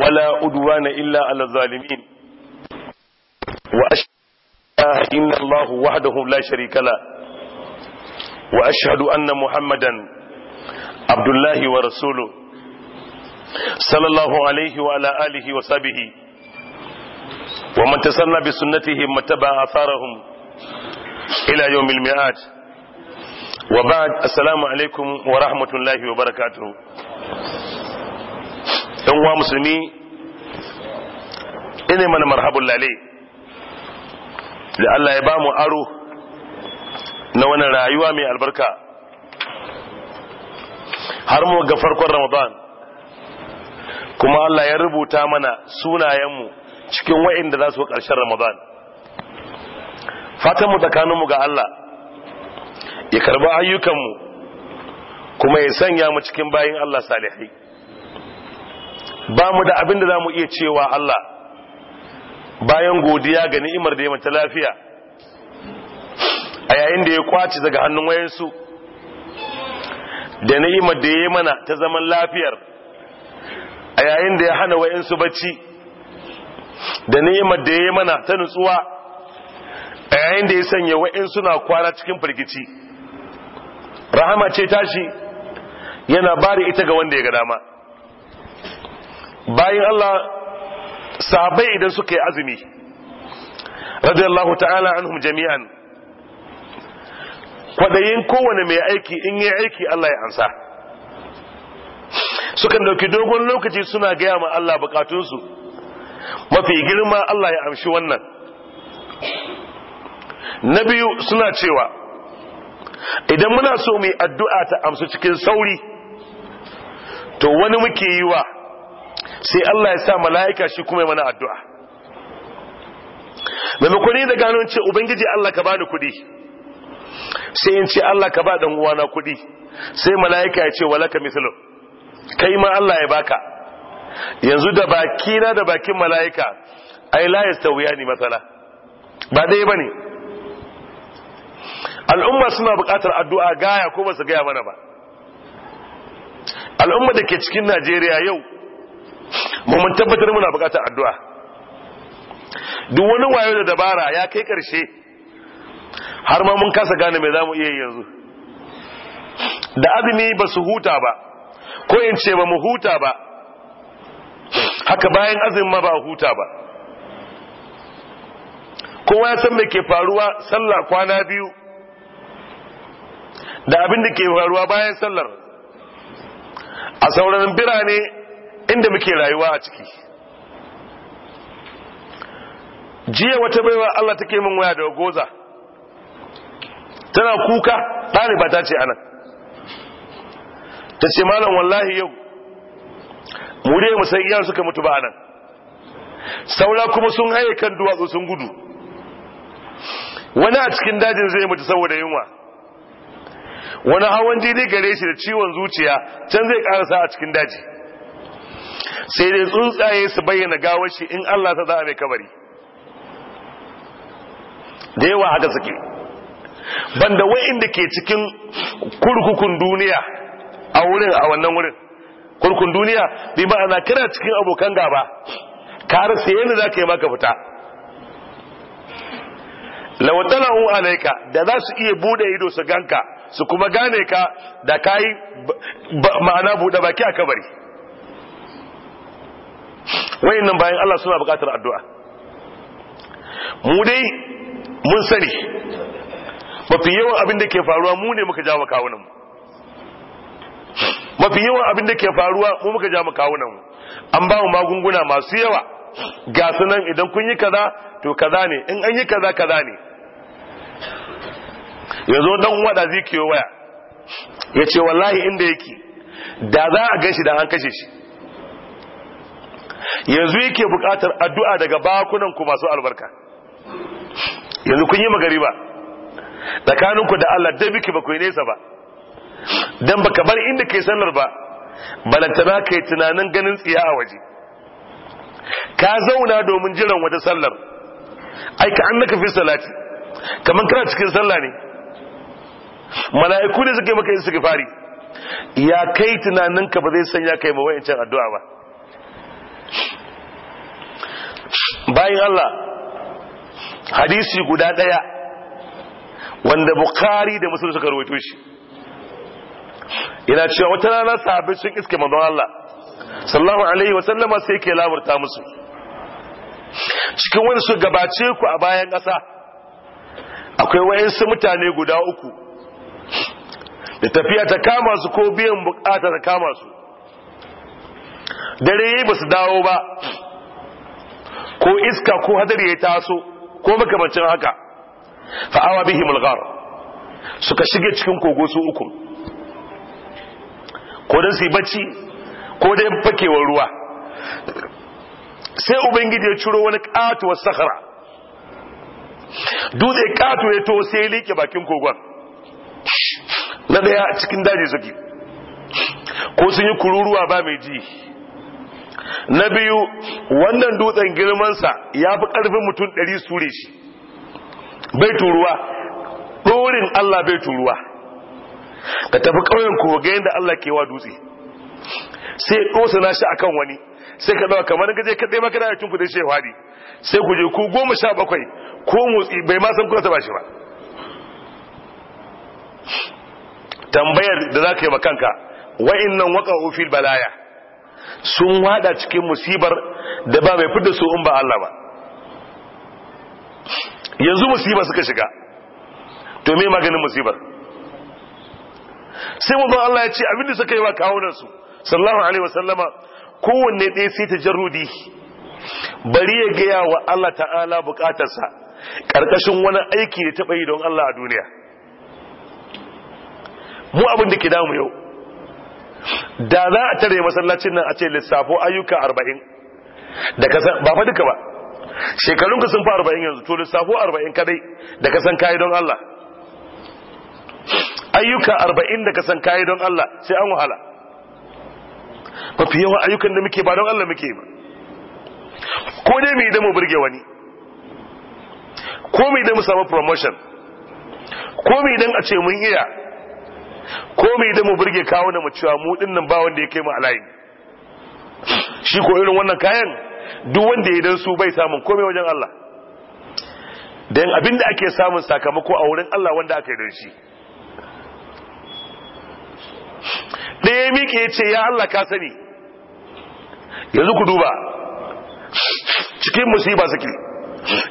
ولا أدوان إلا على الظالمين وأشهد إن الله وحده لا شريك له وأشهد أن محمدا عبد الله ورسوله صلى الله عليه وعلى آله وصحبه ومن تسنى بسنتهم واتبع أثارهم إلى يوم الميعاد وبعد السلام عليكم ورحمة الله وبركاته yan uwa musulmi ina mana marhabun lale da Allah ya ba mu aro na wani rayuwa mai albarka har mu ga farkon ramadan kuma Allah ya rubuta mana sunayen mu cikin wa'inda za su ƙarshen ramadan fatanmu tsakaninmu ga Allah ya karba ayyukanmu kuma ya sanya mu cikin bayin Allah salihai ba mu da abin da za mu iya cewa Allah bayan godiya ga ni'imar da ya mata lafiya a yayin da ya kwaci daga hannun wayansu da ni'imar da ya mana ta zaman lafiyar a yayin da ya hana wayansu bacci da ni'imar da ya mana ta nutsuwa a yayin da ya sanya wayansu na kwana cikin firgici rahama ce tashi yana bari ita ga wanda ya ga dama bayan Allah sabai idan suka yi azumi radiyallahu ta'ala anhum jami'an kwadayin kowane mai aiki in yi aiki Allah ya ansa sukan dauki dogon lokaci suna gaya ma Allah bukatunsu mafi girma Allah ya amshi wannan na biyu suna cewa idan muna so mu addu'a ta amsu cikin sauri to wani muke yi wa sai Allah ya sa mala'ika shi kuma mana addu'a maimakon ni da gano ce ubangiji Allah ka bani kuɗi sai in ce Allah ka ba dan uwana kuɗi sai mala'ika ya ce walaka mislu kai ma Allah ya baka yanzu da baki na da bakin mala'ika ai la yastawiya ni masala ba dai bane al'umma suna buƙatar addu'a gaya ko ba su gaya mana ba al'umma da ke cikin Najeriya yau mu mun tabbatar muna bukatar addu'a duk wani wayo da dabara ya kai karshe har ma mun kasa gane me zamu iya yanzu da azumi ba su huta ba ko in ce ba mu huta ba haka bayan azumin ma ba huta ba kowa ya san me ke faruwa sallah kwana biyu da abin da ke faruwa bayan sallar a sauran birane inda muke rayuwa a ciki jiya wata baiwa Allah take min waya da goza tana kuka ɗaliba ta ce anan ta ce malam wallahi yau mure musayyar mu suka mutu ba anan saura kuma sun haye kan duwatsu sun gudu wani a cikin dajin zai mutu saboda yunwa wani hawan jini gare shi da ciwon zuciya can zai karasa a cikin daji sai dai tsuntsaye su bayyana gawar shi in Allah ta za kabari da yawa haka suke banda wa'inda ke cikin kurkukun duniya a wurin a wannan wurin kurkun duniya bi ana kira cikin abokan gaba kare sai yadda za ka yi maka fita lawatalahu alaika da za su iya bude ido su ganka su kuma gane ka da kayi ma'ana bude baki a kabari nan bayan Allah suna buƙatar addu'a mu dai mun sani mafi yawan abin da ke faruwa mu ne muka jawo kawunan mu mafi yawan abin da ke faruwa mu muka kawunan mu an ba mu magunguna masu yawa ga sunan idan kun yi kaza to kaza ne in an yi kaza kaza ne yanzu dan uwa da zai waya ya ce wallahi inda yake da za a gan shi da an kashe shi yanzu yake buƙatar addu'a daga bakunan ku masu albarka yanzu kun yi ba tsakanin ku da Allah dai biki bakwai nesa ba dan baka bar inda kai sallar ba balantana kai tunanin ganin tsiya a waje ka zauna domin jiran wata sallar ai ka annaka fi salati kaman kana cikin sallah ne mala'iku ne suke maka istighfari ya kai tunaninka ba zai sanya kai ma wayancin addu'a ba bayan Allah hadisi guda daya wanda bukari da musulun suka rubuto shi ina cewa wata rana sahabbai sun iske manzon Allah sallallahu alaihi wasallama sai ke labarta musu cikin wani su gabace ku a bayan ƙasa akwai wayansu mutane guda uku da tafiya ta kama su ko biyan bukata ta kama su dare ba su dawo ba ko iska ko hadari ya taso ko makamancin haka fa awa bihim suka shige cikin kogo su uku ko dan su bacci ko dan fakewar ruwa sai ubangiji ya ciro wani katuwar sahara dutse katu ya to sai like bakin kogon na daya cikin daji suke ko sun yi kururuwa ba mai ji na biyu wannan dutsen girman sa ya fi ƙarfin mutum ɗari sure shi bai turuwa ɗorin Allah bai turuwa ka tafi ƙauyen kogayen da Allah ke wa dutse sai ɗosa na shi akan wani sai ka dawa kamar gaje ka taimaka da yakin ya hadi sai ku je ku goma sha bakwai ko motsi bai ma san kuna ba shi ba tambayar da za ka yi makanka wa'in nan waka ofil balaya sun wada cikin musibar da ba mai fudda su in ba Allah ba yanzu musibar suka shiga to me maganin musibar sai mu Allah ya ce abin da suka yi wa kawunan su sallallahu alaihi wasallama kowanne ɗaya sai ta jarudi bari ya gaya wa Allah ta'ala bukatarsa karkashin wani aiki da taɓa yi don Allah a duniya mu abin da ke damu yau da za a tare masallacin nan a ce lissafo ayyuka arba'in da kasan ba fa duka ba shekarun ka sun fa arba'in yanzu to lissafo arba'in kadai da kasan kayi don Allah ayyuka arba'in da kasan kayi don Allah sai an wahala mafi yawan ayyukan da muke ba don Allah muke ba ko dai mu yi mu burge wani ko mu yi mu samu promotion ko mu yi a ce mun iya ko mai da mu burge kawo na mu cewa mu dinnan ba wanda ya kai mu alayi shi ko irin wannan kayan duk wanda ya dan su bai samun komai wajen Allah dan abinda ake samun sakamako a wurin Allah wanda aka yi dan shi ɗaya miƙe ya ce ya Allah ka sani yanzu ku duba cikin musiba suke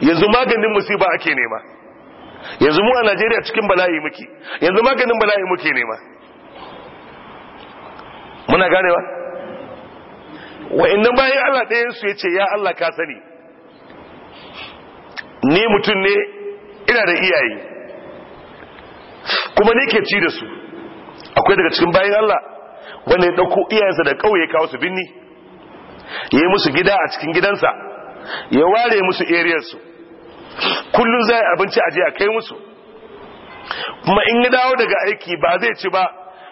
yanzu maganin musiba ake nema yanzu mu a najeriya cikin bala'i muke yanzu maganin bala'i muke nema muna ganewa wa'annan bayan allah ɗayansu ya ce ya allah ka sani ni mutum ne ina da iyaye kuma ne ke ci da su akwai daga cikin bayan allah wanda ya ɗauko iyayensa da ƙauye kawo su binni ya yi musu gida a cikin gidansa ya ware musu ariyarsu kullum zai abinci a jiya a kai musu kuma in ya dawo daga aiki ba zai ci ba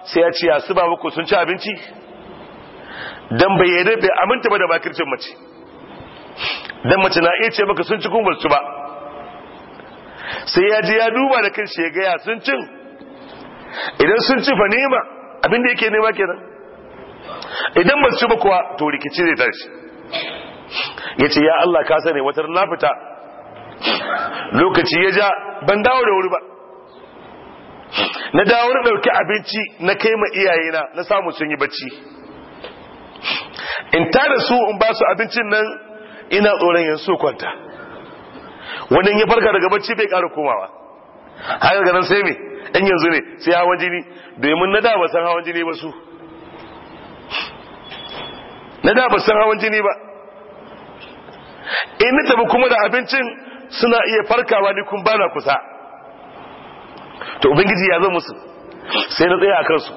sai ya ce ya su ba muku sun ci abinci dan bai bai aminta ba da bakircin mace dan mace na iya ce maka sun ci kuma su ba sai ya ji ya duba da kanshi ya ga ya sun cin idan sun ci fa nema abin da yake nema kenan idan ba su ci ba kuwa to rikici zai tashi ya ce ya Allah ka sani watar na fita lokaci ya ja ban dawo da wuri ba na dawo da ɗauki abinci na kai ma iyayena na samu sun yi bacci in ta da su in ba su abincin nan ina tsoron yin su kwanta wani ya farka daga bacci bai ƙara komawa haka ganin sai me in yanzu ne sai hawan jini domin na da ba san hawan jini ba su na da ba san hawan jini ba in ta tabi kuma da abincin suna iya farkawa ni kun bana kusa to ubangiji ya zo musu sai na tsaya a kansu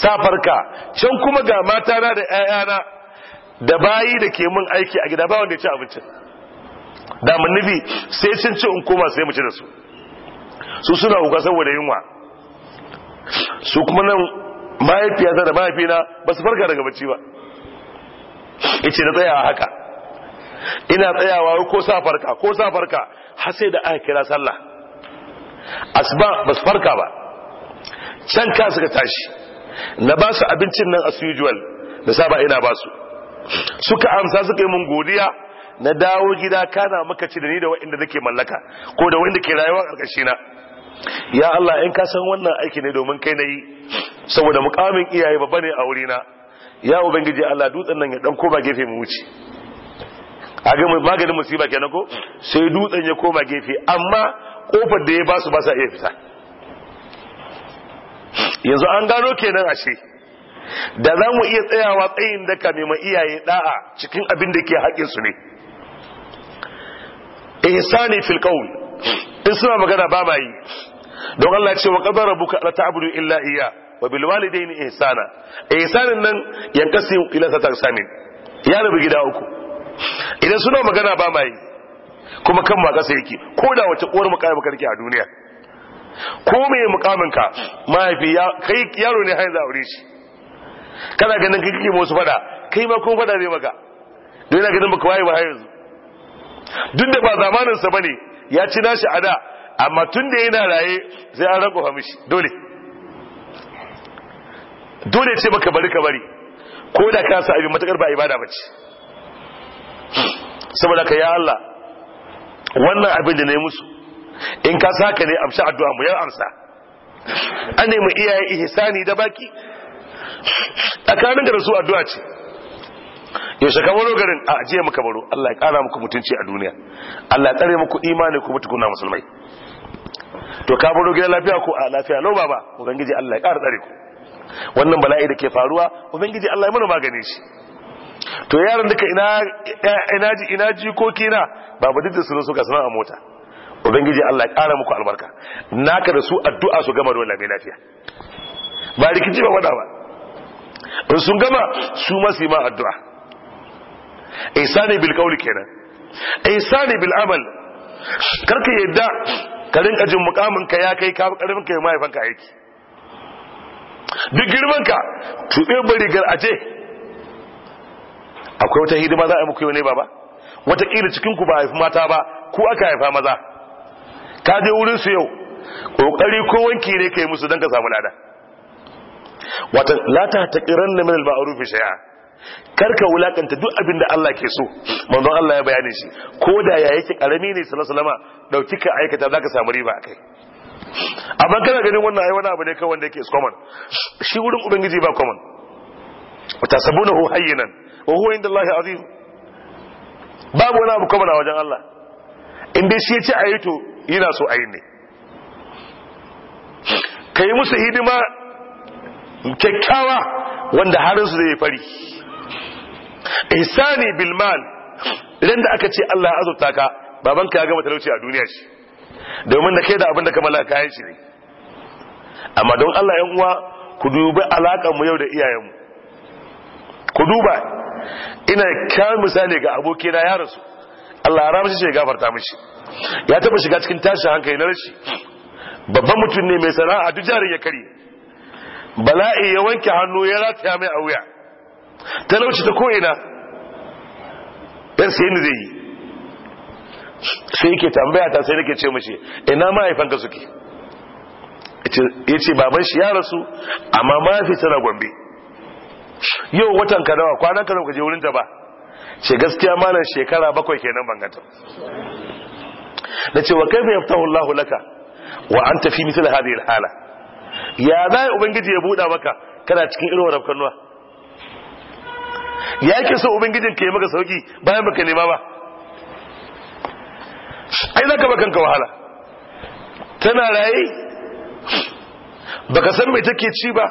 sa farka can kuma ga mata na da 'ya'yana da bayi da ke mun aiki a gida ba wanda ya ci abincin da mun nufi sai sun ci in koma sai mu ci da su su suna kuka saboda yunwa su kuma nan mahaifiyata da mahaifina ba su farka daga bacci ba yace na tsaya haka ina tsayawa ko sa farka ko sa farka har sai da aka kira sallah asba bas farka ba can ka suka tashi na ba su abincin nan as usual da saba ina ba su suka amsa suka yi mun godiya na dawo gida kana maka ci da ni da wanda nake mallaka ko da wanda ke rayuwa karkashi na ya Allah in ka san wannan aiki ne domin kai na yi saboda mukamin iyaye babba ne a wurina ya ubangiji Allah dutsen nan ya dan koma gefe mu wuce a ga maganin musiba kenan ko sai dutsen ya koma gefe amma kofar da ya basu ba sa iya fita yanzu an gano kenan ashe da za mu iya tsayawa tsayin daka mai ma iyaye da'a cikin abin da ke haƙin su ne ihsani fil qawl in suna magana ba ma yi don Allah ya ce wa qadara rabbuka la ta'budu illa iyyah wa bil walidayni ihsana ihsanin nan yankasi ila tataqsamin ya rubu gida uku idan suna magana ba mai kuma kan ma kasa yake ko da wace uwar mu ka rike a duniya ko me mukamin ka mahaifi ya kai yaro ne har za aure shi kana ganin kai kike musu fada kai ma kun fada zai maka don yana ganin baka waye ba har yanzu duk da ba zamanin sa bane ya ci nashi a da amma tun da yana raye sai an rakofa mishi dole dole ce baka bari ka bari ko da ka sa abin matakar ba ibada bace saboda ka ya Allah wannan abin da na yi musu in ka saka ne amsa addu'a mu ya amsa an nemi iyaye ihsani da baki tsakanin da rasu addu'a ce yaushe ka baro garin a ajiye muka baro Allah ya kara muku mutunci a duniya Allah ya tsare muku imani ku mutu kuna musulmai to ka baro gidan lafiya ko a lafiya lau baba ubangiji Allah ya kara tsare ku wannan bala'i da ke faruwa ubangiji Allah ya mana magane shi to yaran duka ina ina ji ko na babu ba da su suka sanar a mota ubangiji Allah ya kara muku albarka naka da su addu'a su gama dole mai lafiya ba rikici ba wada ba in sun gama su ma su yi ma addu'a ihsani bil qawli kenan ihsani bil amal karka yadda ka rinka jin mukamin ka ya kai ka karfin ka mai fanka aiki duk girman ka tube bari gar aje akwai wata hidima za a yi muku yau ne baba wataƙila cikin ku ba haifi mata ba ko aka haifa maza ka je wurin su yau kokari ko wanki ne kai musu dan ka samu lada wata la ta taqiran min al ma'ruf shay'a karka wulakanta duk abin da Allah ke so manzo Allah ya bayani shi ko da ya yake karami ne sallallahu alaihi wasallam dauki ka aikata zaka samu riba akai amma kana ganin wannan ai wani abu ne kawai wanda yake common shi wurin ubangiji ba common watasabunahu hayyinan wa huwa inda Allah azim babu wani abu kuma na wajen Allah in dai shi ya ci ayi yana so ayi ne kai musu hidima kyakkyawa wanda harin su zai fari ihsani bil mal idan da aka ce Allah azurta ka babanka ya gama talauci a duniya shi domin da kai da abin da ka mallaka kayan shi ne amma don Allah yan uwa ku dubi alaƙar mu yau da iyayenmu ku duba ina kyawun misali ga abokina ya rasu Allah ya mishi ya gafarta mishi ya taba shiga cikin tashin hankali na rashi babban mutum ne mai sana'a duk jarin ya kare bala'i ya wanke hannu ya rataya mai a wuya talauci ta ko'ina yan sai ni zai yi sai yake tambaya ta sai nake ce mashi ina mahaifanka suke ya ce baban shi ya rasu amma mafi tana gombe yau watan ka kwanan ka kaje je wurin ta ba ce gaskiya malam shekara bakwai kenan ban ganta da ce wa kaifa yaftahu Allah laka wa anta fi misl hadhihi alhala ya zai ubangiji ya buda maka kana cikin irin wannan nuwa. ya yake so ubangijin ka yi maka sauki bayan baka nema ba ai zaka ba kanka wahala tana rayi baka san me take ci ba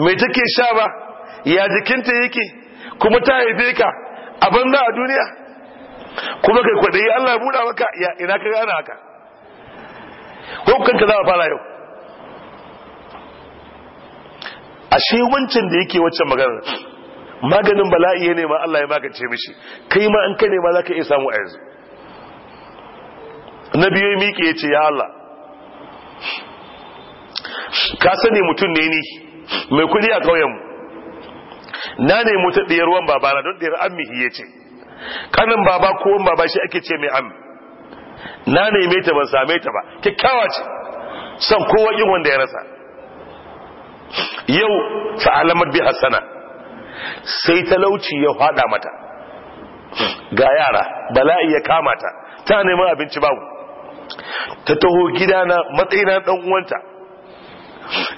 me take sha ba ya jikinta yake kuma ta haife ka a banza a duniya kuma kai kwadayi Allah buɗa maka ya ina ka gane haka ko kanka za a fara yau ashe wancan da yake wancan maganar maganin bala'i ne ma Allah ya magance mishi kai ma an ka ma za ka iya samu a yanzu na biyu miƙe ya ce ya Allah ka sani mutum ne ni mai kudi a ƙauyenmu na ne mutu ɗiyar ruwan babana don ɗiyar ammihi ya ce kanin baba ko baba shi ake ce mai am na mai ta ban same ta ba kyakkyawa ce san kowa yin wanda ya rasa yau ta alamar bi hassana sai talauci ya fada mata ga yara bala'i ya kama ta ta neman abinci babu ta taho gida na matsayina dan uwanta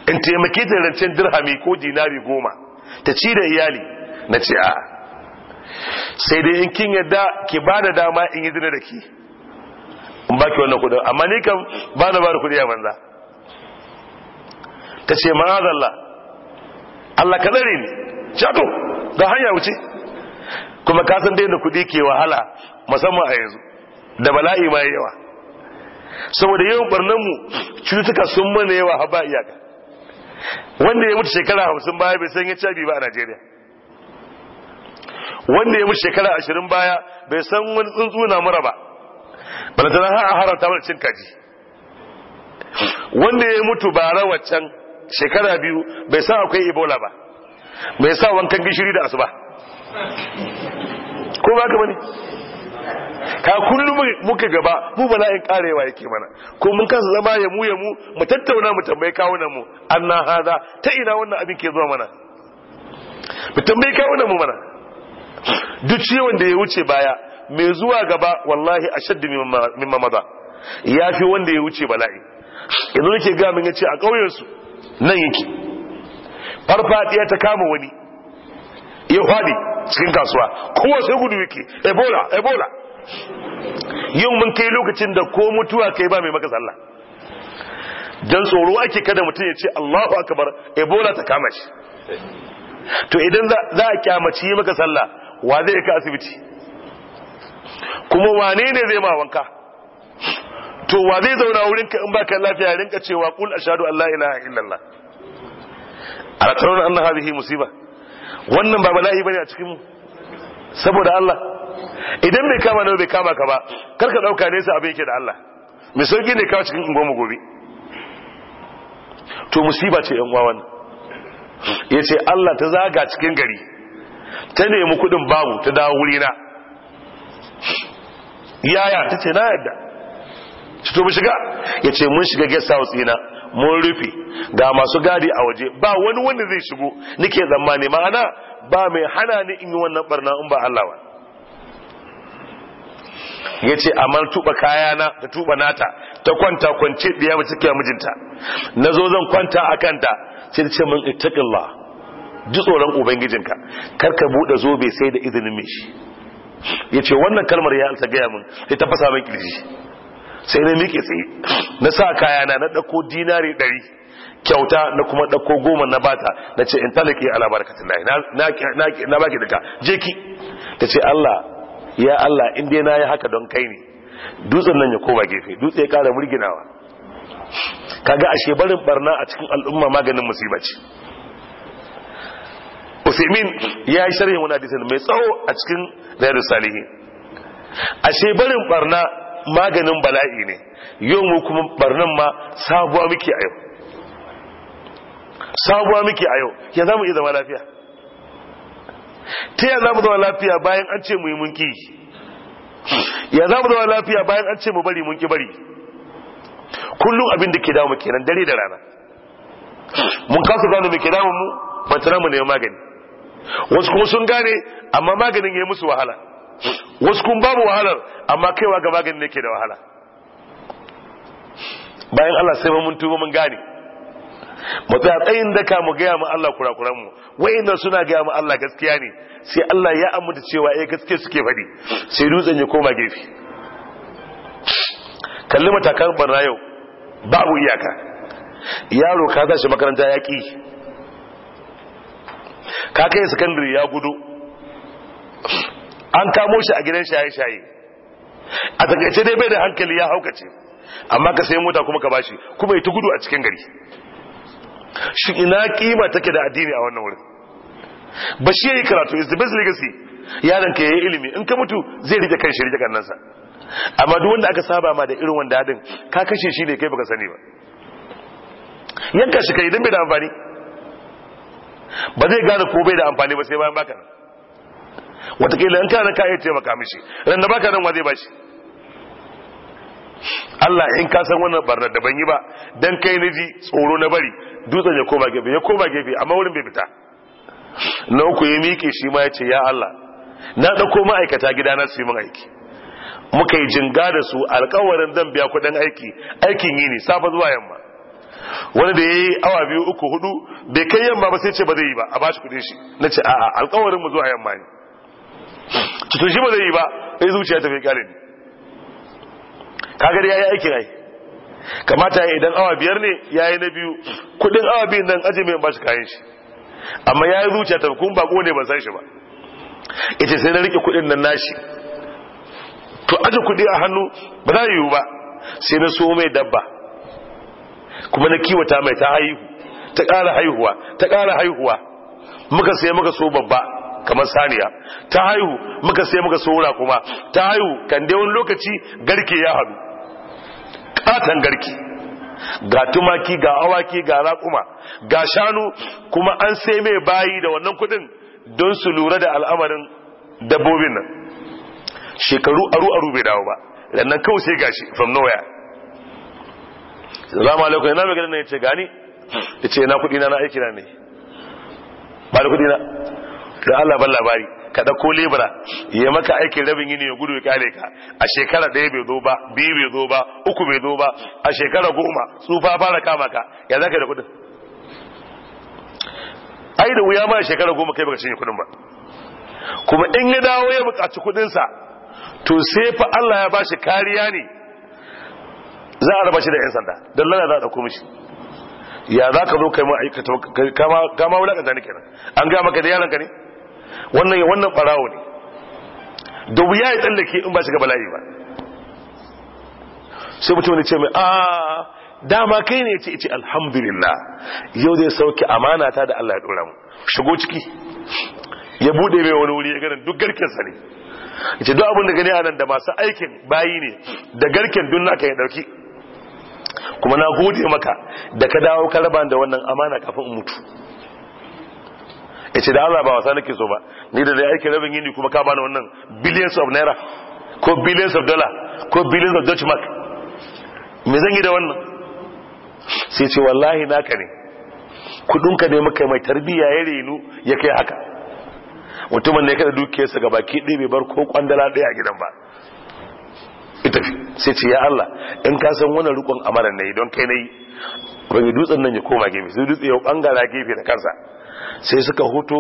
in taimake ta rancen dirhami ko dinari goma ta ci da iyali na ce a sai dai in kin yadda ki ba da dama in yi zina da ki in ba ki wannan kudin amma ni kan ba na ba da kudi a banza ta ce ma'azalla Allah ka zare ni shato da hanya wuce kuma ka san da kudi ke wahala musamman a yanzu da bala'i ma yawa saboda yawan barnan mu cututtuka sun mana yawa haba iyaka wanda ya mutu shekara hamsin baya bai san ya ba a najeriya wanda ya mutu shekara ashirin baya bai san wani tsuntsu na mura ba bana tana a haramta mana cin kaji wanda ya mutu bara waccan shekara biyu bai san akwai ebola ba bai sa wankan gishiri da asuba ko ba ka bane ka kullum muka gaba mu bala'in karewa yake mana ko mun kasa zama ya mu ya mu mu tattauna mu tambaye kawunan mu anna hada ta ina wannan abin ke zuwa mana mu tambaye kawunan mu mana duk ciwon da ya wuce baya mai zuwa gaba wallahi ashaddu mimma mada ya fi wanda ya wuce bala'i yanzu nake ga ya yace a su nan yake farfadiya ta kama wani ya fadi cikin kasuwa kowa sai gudu yake ebola ebola yau mun kai lokacin da ko mutuwa kai ba mai maka sallah Don tsoro ake kada mutum ya ce Allahu bar ebola ta kama shi to idan za a kyamaci yi maka sallah wa zai ka asibiti kuma wane ne zai ma wanka to wa zai zauna wurin ka in baka lafiya ya rinka cewa qul a an Ina, ilaha illallah A tarawna anna hadhihi musiba wannan ba bala'i bane a cikin mu saboda Allah idan bai kama nawa bai kama ka ba kar ka dauka sai abin yake da Allah mai sauki ne kawo cikin ungo gobe to musiba ce yan uwa ya Allah ta zaga cikin gari ta nemi kudin babu ta dawo wurina yaya ta ce na yadda to mu shiga ya mun shiga guest house ina mun rufe ga masu gadi a waje ba wani wanda zai shigo nike zamani ma'ana ba mai hana ni in yi wannan barna in ba Allah ba ya ce amar tuba kayana ta tuba nata ta kwanta kwance biya mace ke mijinta na zo zan kwanta a kanta sai ta ce min ittaqillah ji tsoron ubangijinka kar ka zo zobe sai da izinin mishi Yace ya ce wannan kalmar ya alta gaya min sai ta fasa min kirji sai na miƙe tsaye na sa kayana na ɗauko dinari ɗari kyauta na kuma ɗauko goma na bata na ce in talake ala barakatun na ba baki daga jeki ta ce Allah ya Allah in dai na yi haka don kai ne dutsen nan ya koma gefe dutse ya kara murginawa kaga ashe barin barna a cikin al'umma maganin musibaci ce Usaimin ya yi sharhin wani hadisin mai tsawo a cikin Riyadus Salihin ashe barin barna maganin bala'i ne yau mu kuma barnan ma sabuwa muke a yau sabuwa muke a yau ya zamu iya zama lafiya ta ya za mu zama lafiya bayan an ce mu yi munki ya za mu zama lafiya bayan an ce mu bari munki bari kullum abin da ke damu kenan dare da rana mun kasa gano mai ke damu mu bantana mu ne magani wasu kuma sun gane amma maganin ya yi musu wahala wasu kuma babu wahalar amma kaiwa ga maganin ne ke da wahala bayan Allah sai mun tuba mun gane mu tsaya tsayin daka mu gaya ma Allah kurakuran mu wayannan suna gaya ma Allah gaskiya ne sai Allah ya amince cewa eh gaskiya suke faɗi sai dutsen ya koma gefe kalli matakan barna yau babu iyaka yaro ka tashi makaranta ya ki ka kai sakandare ya gudu an kamo shi a gidan shaye-shaye a takaice dai bai da hankali ya haukace amma ka sai mota kuma ka bashi kuma ya ta gudu a cikin gari shi ina kima take da addini a wannan wurin bashi yayi karatu is the best legacy yaron ka yayi ilimi in ka mutu zai rike kan shi rike kannansa amma duk wanda aka saba ma da irin wanda hadin ka kashe shi ne kai baka sani ba yanka shi kai idan bai da amfani ba zai gane ko bai da amfani ba sai bayan baka nan watakila in kana ka iya taimaka mishi ran da baka nan wa zai bashi Allah in ka san wannan barnar da ban yi ba dan kai na ji tsoro na bari dutsen ya koma gefe ya koma gefe amma wurin bai fita na uku ya miƙe shi ma ya ce ya Allah na ɗauko ma'aikata gida na su yi aiki muka yi jinga da su alkawarin zan biya kuɗin aiki aikin yi ne safa zuwa yamma wani da ya yi awa biyu uku hudu bai kai yamma ba sai ce ba zai yi ba a bashi kuɗin shi na ce a'a alkawarin mu zuwa yamma ne cikin shi ba zai yi ba sai zuciya ta fi ƙarin kagar ya yi aikin ai kamata ya idan awa biyar ne ya yi na biyu kudin awa biyun nan aji mai bashi kayan shi amma ya yi zuciya ta kun bako ne ban san shi ba ita sai na rike kudin nan nashi to aji kudi a hannu ba za yiwu ba sai na so mai dabba kuma na kiwata mai ta haihu ta ƙara haihuwa ta kara haihuwa muka sai muka so babba kamar saniya ta haihu muka sai muka so kuma ta haihu kan dai wani lokaci garke ya hadu katon garki ga tumaki ga awaki ga raƙuma ga shanu kuma an sai mai bayi da wannan kudin don su lura da al'amarin dabbobin nan shekaru aru-aru bai dawo ba lannan kawo sai gashi from nowhere salamu alaikum yana mai ganin ya ce gani ya ce na kudina na aiki na ne ba da kudina da Allah ban labari ka ɗauko libra ya maka aikin rabin yini ya gudu ya kare ka a shekara ɗaya bai zo ba biyu bai zo ba uku bai zo ba a shekara goma tsufa fara kama ka ya za ka da kuɗin ai da wuya ma a shekara goma kai baka cinye kuɗin ba kuma in ya dawo ya buƙaci kuɗinsa to sai fa Allah ya bashi kariya ne za a raba shi da 'yan sanda don lana za a ɗauko mishi ya za ka zo kai ma aikata kama wulakanta ne kenan an gaya maka da yaranka ne wannan ya wannan barawo ne da wuya ya tsallake in ba shiga bala'i ba sai mutum ne ce mai a ah, dama kai ne ce ce alhamdulillah yau zai sauke amana ta da Allah ya dora mu shigo ciki ya bude mai wani wuri ya ganin duk garken sa ne ce duk abin da gani a nan da masu aikin bayi ne da garken dun naka ya dauki kuma na gode maka da ka dawo ka da wannan amana kafin in mutu ya ce da Allah ba wasa nake so ba ni da zai aiki rabin yini kuma ka bani wannan billions of naira ko billions of dollar ko billions of dutch mark me zan yi da wannan sai ce wallahi naka ne ka ne maka mai tarbiyya ya renu ya kai haka mutumin ne kada dukiyarsa ga baki ɗaya bai bar ko kwandala ɗaya a gidan ba ita sai ce ya Allah in ka san wannan rukun amaran ne don kai ba ban dutsen nan ya koma gefe sai dutse ya bangara gefe da kansa sai suka hoto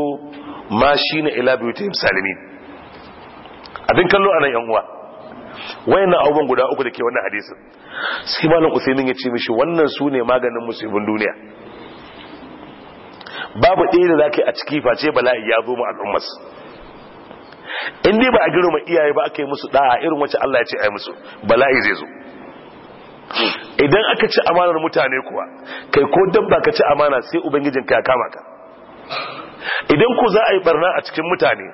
ma shi na ila salimin abin kallo a nan yan uwa na abubuwan guda uku da ke wannan hadisin sai malam Usainin ya ce mishi wannan su ne maganin musibin duniya babu ɗaya da zaka a ciki face bala'i ya zo mu al'ummas in dai ba a girma iyaye ba aka yi musu ɗaya irin wacce Allah ya ce ai bala'i zai zo idan aka ci amanar mutane kuwa kai ko dabba ka ci amana sai ubangijin ka kama ka idan ku za a yi barna a cikin mutane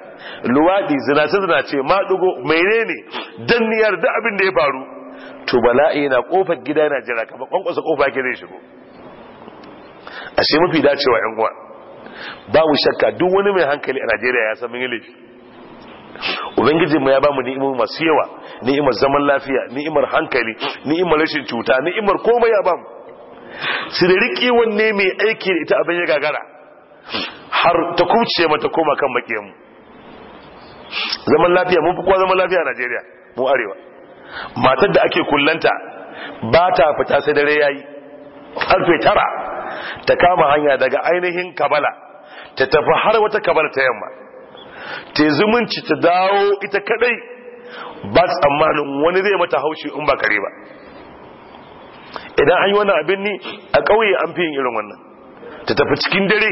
luwaɗi zinace zinace maɗugo menene dan niyar da abin da ya faru to bala'i na kofar gida na jira kamar kwankwasa kofa ke zai shigo ashe mafi dacewa yan uwa babu shakka duk wani mai hankali a Najeriya ya san mun ubangiji mu ya bamu ni'imar masu yawa ni'imar zaman lafiya ni'imar hankali ni'imar rashin cuta ni'imar komai ya ba mu da wanne mai aiki da ita abin ya gagara har ta kuce mata koma kan makiyan mu zaman lafiya mun fi zaman lafiya a Najeriya mu arewa matar da ake kullanta ba ta fita sai dare yayi karfe tara ta kama hanya daga ainihin kabala ta tafi har wata kabala ta yamma ta zumunci ta dawo ita kadai ba tsammanin wani zai mata haushi in ba kare ba idan an yi wannan abin ni a ƙauye an fi yin irin wannan ta tafi cikin dare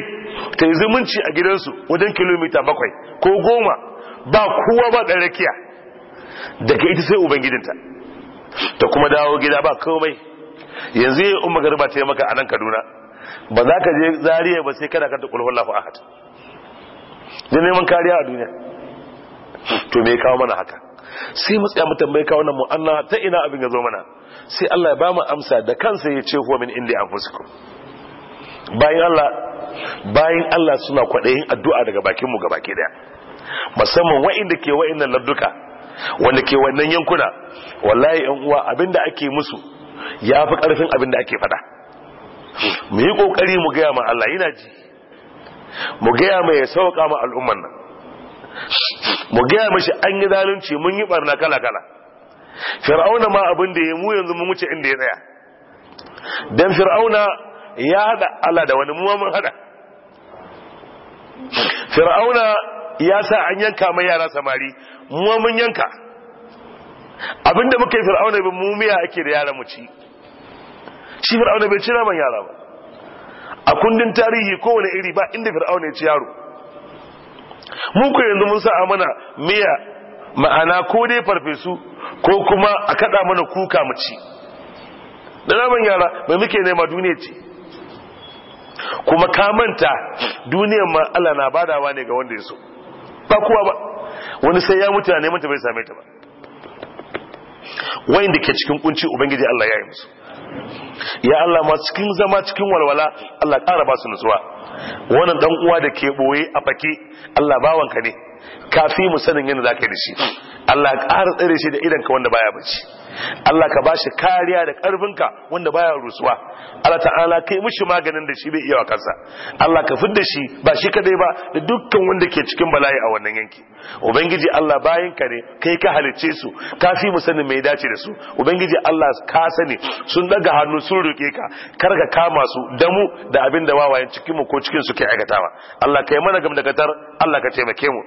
ta yi zumunci a gidansu wajen kilomita bakwai ko goma ba kowa ba ɗan rakiya daga ita sai ubangijinta ta kuma dawo gida ba komai yanzu yi umar garba ta yi maka a nan kaduna ba za ka je zariya ba sai kana kanta kulhun lafi ahad da neman kariya a duniya to me kawo mana haka sai matsaya tsaya mu tambaye kawo nan mu'anna ta ina abin ya zo mana sai Allah ya ba mu amsa da kansa ya ce huwa min indi anfusikum bayan Allah bayan Allah suna kwaɗayin addu'a daga bakinmu ga baki daya musamman wa'inda ke wa'innan ladduka. wanda ke wannan yankuna wallahi yan uwa abinda ake musu yafi fi ƙarfin abinda ake faɗa mu yi ƙoƙari mu gaya ma Allah yana ji mu gaya mai ya sauƙa ma al'umman nan mu gaya mashi an yi zalunci mun yi barna kala kala fir'auna ma abin da ya mu yanzu mu wuce inda ya tsaya dan fir'auna ya hada Allah da wani muwa mun hada fir'auna ya sa an yanka mai yara samari muwa mun yanka abinda muka yi fir'auna bin mumiya ake da yara mu ci shi fir'auna bai ci naman yara ba a kundin tarihi kowane iri ba inda fir'auna ya ci yaro mu ku yanzu mun sa mana miya ma'ana ko dai farfesu ko kuma a kada mana kuka mu ci da naman yara mai muke nema duniya ce kuma ka manta duniyar ma Allah na badawa ne ga wanda ya so ba kowa ba wani sai ya mutu ne ta bai same ta ba wayin da ke cikin kunci ubangiji Allah ya yi musu ya Allah ma cikin zama cikin walwala Allah ƙara ba su nutsuwa wannan dan uwa da ke boye a fake Allah bawanka ne kafi mu sanin yadda zaka yi da shi Allah ƙara tsare shi da idan wanda baya bacci Allah ka bashi kariya da karfin ka wanda baya rusuwa Allah ta'ala kai mishi maganin da shi bai iya kansa Allah ka fidda shi ba shi kadai ba da dukkan wanda ke cikin bala'i a wannan yanki ubangiji Allah bayan ka ne kai ka halicce su ka fi mu sanin mai dace da su ubangiji Allah ka sani sun daga hannu sun roke ka kar ka kama su da mu da abin da wawayen cikin mu ko cikin su ke aikatawa Allah kai mana gam da Allah ka taimake mu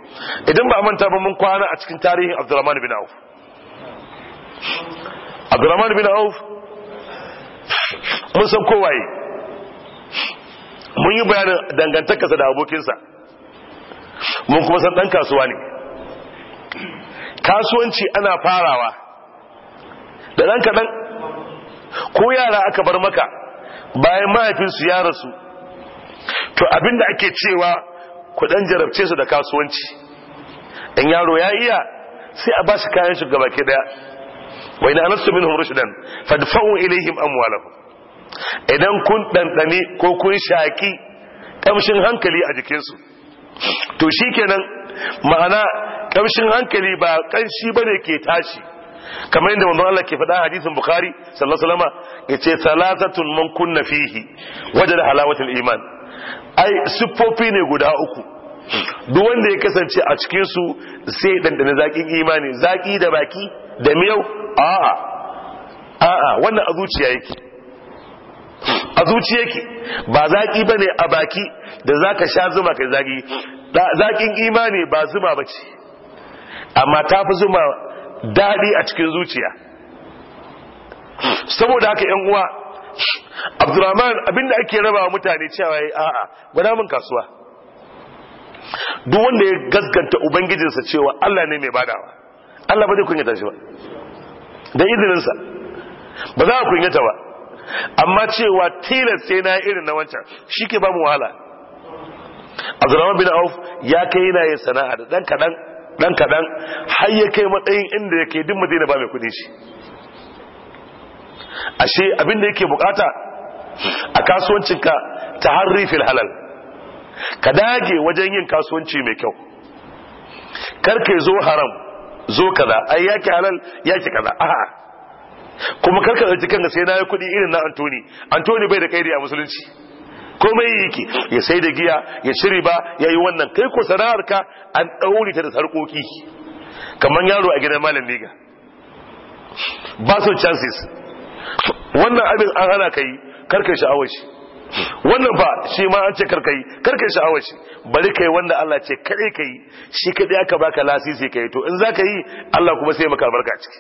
idan ba manta ba mun kwana a cikin tarihin Abdurrahman bin Auf abdurrahman bin auf mun san kowaye mun yi bayanin dangantakarsa da abokinsa mun kuma san dan kasuwa ne kasuwanci ana farawa da ɗan kaɗan ko yara aka bar maka bayan mahaifinsu ya rasu to abinda ake cewa kudan jarabce su da kasuwanci in yaro ya iya sai a ba shi kayan shugaba ke daya wa in anasu minhum rushdan fadfa'u ilayhim amwalahum idan kun dandane ko kun shaki kamshin hankali a jikinsu to shikenan ma'ana kamshin hankali ba kanshi bane ke tashi kamar yadda manzon Allah ke faɗa a hadisin Bukhari sallallahu alaihi wasallam yace salasatun man kunna fihi wajada halawatul iman ai siffofi ne guda uku duk wanda ya kasance a cikin su sai dandana zakin imani zaki da baki da miyau a'a a'a wannan a zuciya yake a zuciya yake ba zaki bane a baki da zaka sha zuma kai zaki zakin imani ba zuma bace amma ta fi zuma daɗi a cikin zuciya saboda haka yan uwa abdurrahman abinda ake raba wa mutane cewa yayi a'a gwada mun kasuwa duk wanda ya gaskanta ubangijinsa cewa Allah ne mai badawa Allah ba zai kunyata shi ba da sa ba za a kunyata ba amma cewa tilas sai na irin na wancan shi ke ba mu wahala abdurrahman bin auf ya kai yana yin sana'a da dan kadan dan kadan har ya kai matsayin inda yake duk madina ba mai kudi shi ashe abin da yake bukata a kasuwancinka ta harrifin halal ka dage wajen yin kasuwanci mai kyau karka zo haram zo kaza ai yaki halal yaki kaza a'a kuma karka jikan kanka sai na yi kuɗi irin na Antoni Antoni bai da kai a musulunci komai yake ya sai da giya ya ci ba ya yi wannan kai ko ka an ɗaure ta da sarƙoƙi kamar yaro a gidan malam Liga ba su chances wannan abin an hana ka yi karka sha'awar shi wannan ba shi ma an ce karkai karkai sha'awar shi bari kai wanda Allah ce kare kai shi kadai aka baka lasisi kai to in zaka yi Allah kuma sai maka barka ciki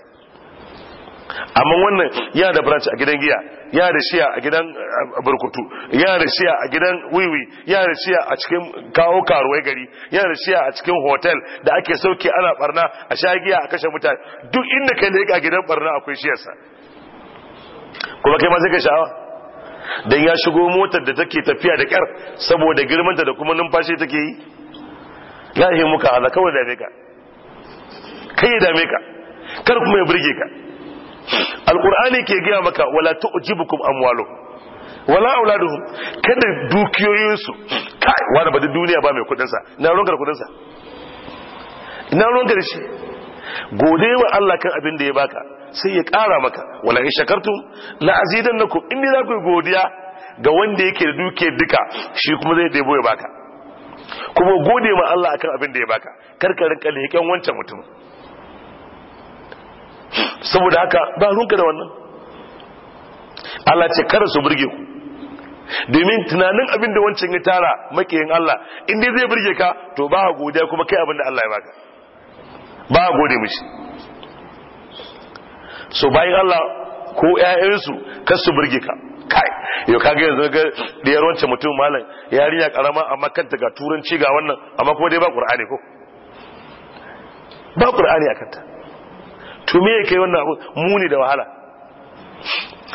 amma wannan ya da branch a gidan giya ya da shiya a gidan uh, burkutu ya da shiya a gidan wiwi ya da shiya a cikin kawo karuwai gari ya da shiya a cikin hotel da ake sauke ana barna a sha giya a kashe mutane duk inda kai a gidan barna akwai shiyarsa kuma kai ma sai ka sha'awa Dan ya shigo motar da take tafiya da kyar saboda girmanta da kuma numfashi take yi ya yi muka ala kawai dame ka kai ya dame ka kar kuma ya burge ka alkur'ani ke gaya maka wala tu'jibukum amwalu wala auladuhum kada dukiyoyinsu kai wani ba duniya ba mai sa na ruwan sa ina ruwan shi gode wa Allah kan abin da ya baka sai ya ƙara maka wala in shakartum la azidannakum in za ku godiya ga wanda yake da duke duka shi kuma zai debo ya baka kuma gode ma Allah akan abin da ya baka karka rinka leƙen wancan mutum saboda haka ba runka da wannan Allah ce kada su burge ku domin tunanin abin da wancan ya tara makiyin Allah in dai zai burge ka to ba godiya kuma kai abin da Allah ya baka ba gode mishi so bayan Allah ko ƴaƴansu kar su burge ka kai yau kaga yanzu ga diyar wancan mutum malam yarinya karama amma kanta ga turanci ga wannan amma ko dai ba qur'ani ko ba qur'ani a kanta to me yake wannan abu muni da wahala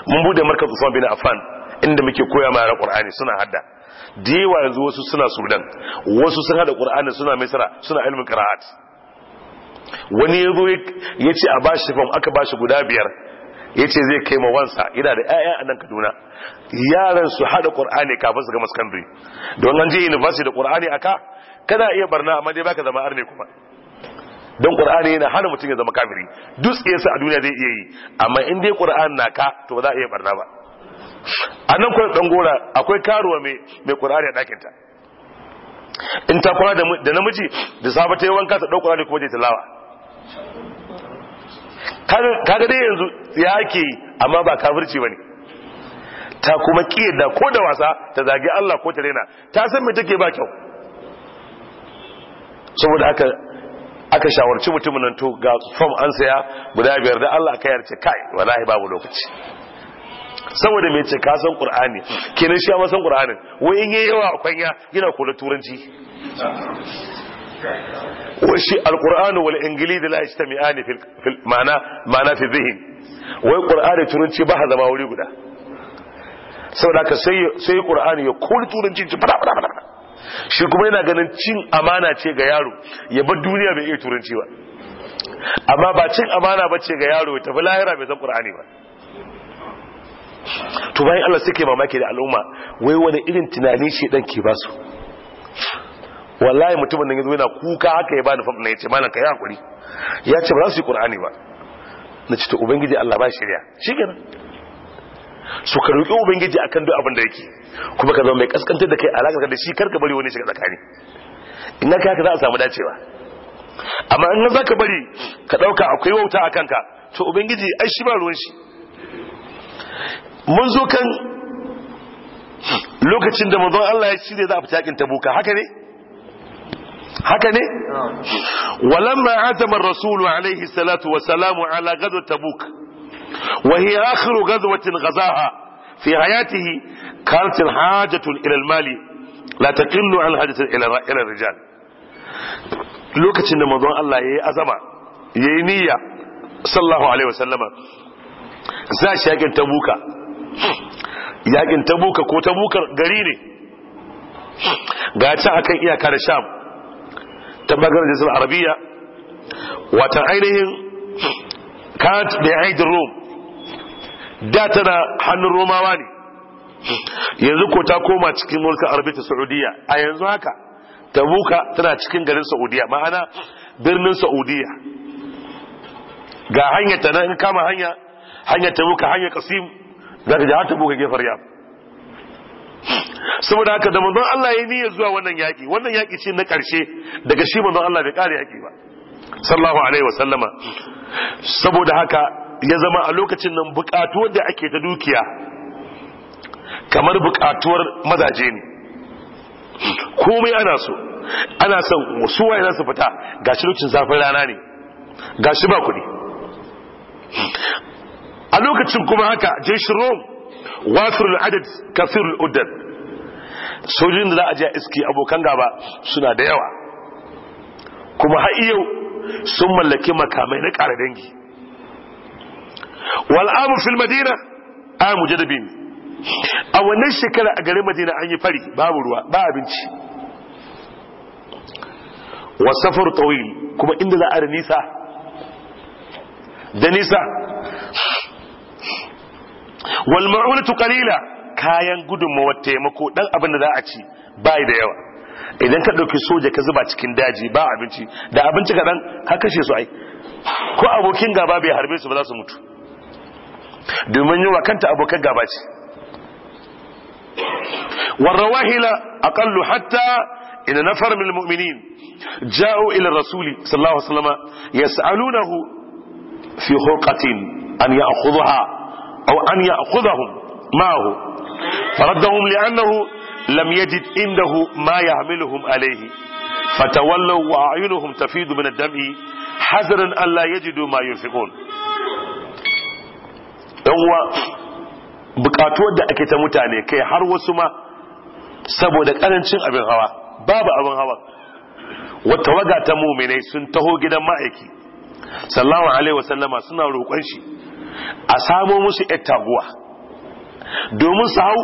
mun bude markaz Usman bin Affan inda muke koya ma yaran qur'ani suna hadda da yawa yanzu wasu suna Sudan wasu sun hada qur'ani suna Misra suna ilmin qira'at wani ya zo ya ce a bashi fam aka bashi guda biyar ya ce zai kai mawansa ina da 'ya'ya a nan kaduna yaran su haɗa ƙur'ani kafin su gama sakandare don an je university da ƙur'ani aka kana iya barna amma dai baka zama arne kuma don ƙur'ani yana hana mutum ya zama kafiri duk yasa a duniya zai iya yi amma in dai ƙur'ani na ka to ba za a iya barna ba a nan kwan ɗan gora akwai karuwa mai mai ƙur'ani a ɗakinta in ta kula da namiji da sabata yawan kasa wanka ta ɗau ƙur'ani kuma je tilawa kaga dai yanzu ya ake yi amma ba kafirci ba ne ta kuma da ko da wasa ta zagi Allah ko ta rena ta san me take ba kyau saboda aka aka shawarci mutumin nan to ga fam an saya guda biyar da Allah ka yarce kai wallahi babu lokaci saboda mai ce ka san qur'ani kenan shi ma san qur'anin wai in yayi yawa akwanya yana kula turanci shi alqur'anu wal ingilizi la yajtami'ani fil ma'ana ma'ana fi dhihn wai qur'ani turanci ba ha zama wuri guda saboda haka sai sai qur'ani ya kori turanci ci fada fada fada shi kuma yana ganin cin amana ce ga yaro ya bar duniya bai iya turanci ba amma ba cin amana ba ce ga yaro ya tafi lahira bai san qur'ani ba to bayan Allah suke mamaki da al'umma wai wani irin tunani shi dan ke basu wallahi mutumin nan yanzu yana kuka haka ya bani fam na yace malam ya hakuri ya ce ba za su yi qur'ani ba na ce to ubangiji Allah ba shirya shikenan su ka roki ubangiji akan duk abin da yake kuma ka zama mai kaskantar da kai alaka da shi karka bari wani shiga tsakani in ka haka za a samu dacewa amma in za ka bari ka dauka akwai wauta a kanka to ubangiji ai shi ba ruwan shi mun zo kan lokacin da manzon Allah ya shirya za a fita yakin tabuka haka ne haka ne walamma atama rasulu alaihi salatu wa salamu ala gado tabuk wa hiya akhiru ghazwatin ghazaha fi hayatihi kanat hajatun ila al-mali la taqillu an hajatun ila ila rijal lokacin da manzon Allah yayi azama yayi niyya sallallahu alaihi wasallama za shi yakin tabuka yakin tabuka ko tabukar gari ne ga ta akan iyaka da sham ta bangaren jinsin arabiya wata ainihin kat ya aidin rom da tana hannun romawa ne yanzu ko ta koma cikin mulkin arabiya ta saudiya a yanzu haka tabuka tana cikin garin saudiya ma'ana birnin saudiya ga hanyar ta nan kama hanya hanyar tabuka hanyar kasim za ka ji har tabuka gefar yamma saboda haka da manzon Allah ya niyyar zuwa wannan yaki wannan yaki ce na karshe daga shi manzon Allah bai kare yaki ba sallallahu alaihi wasallama saboda haka ya zama a lokacin nan bukatuwar da ake ta dukiya kamar bukatuwar mazaje ne komai ana so ana son wasu waye su fita gashi lokacin zafin rana ne gashi ba kuɗi a lokacin kuma haka jeshin rome wasirul adad kasirul udad sojojin da za a je iski abokan gaba suna da yawa kuma har yau sun mallaki makamai na ƙara dangi amu fil madina a jadabin a wannan shekara a garin madina an yi fari babu ruwa ba abinci wasafar tawil kuma inda za a da nisa da nisa wal ma'unatu kalila kayan gudunmawar taimako dan abin da za a ci bai da yawa idan ka dauki soja ka zuba cikin daji ba abinci da abinci kaɗan ka kashe su ai ko abokin gaba bai harbe su ba za su mutu domin yawa kanta abokan gaba ce warrawahila aqallu hatta إن نفر من المؤمنين جاءوا إلى الرسول صلى الله عليه وسلم يسألونه في خرقة أن يأخذها أو أن يأخذهم معه فردهم لأنه لم يجد عنده ما يحملهم عليه فتولوا وأعينهم تفيض من الدمع حذرا ألا يجدوا ما ينفقون هو bukatuwar da ake ta mutane kai har wasu ma saboda karancin abin hawa babu abin hawa wata waga ta muminai sun taho gidan ma'aiki sallallahu alaihi wasallama suna roƙon shi a samo musu yar taguwa domin su hau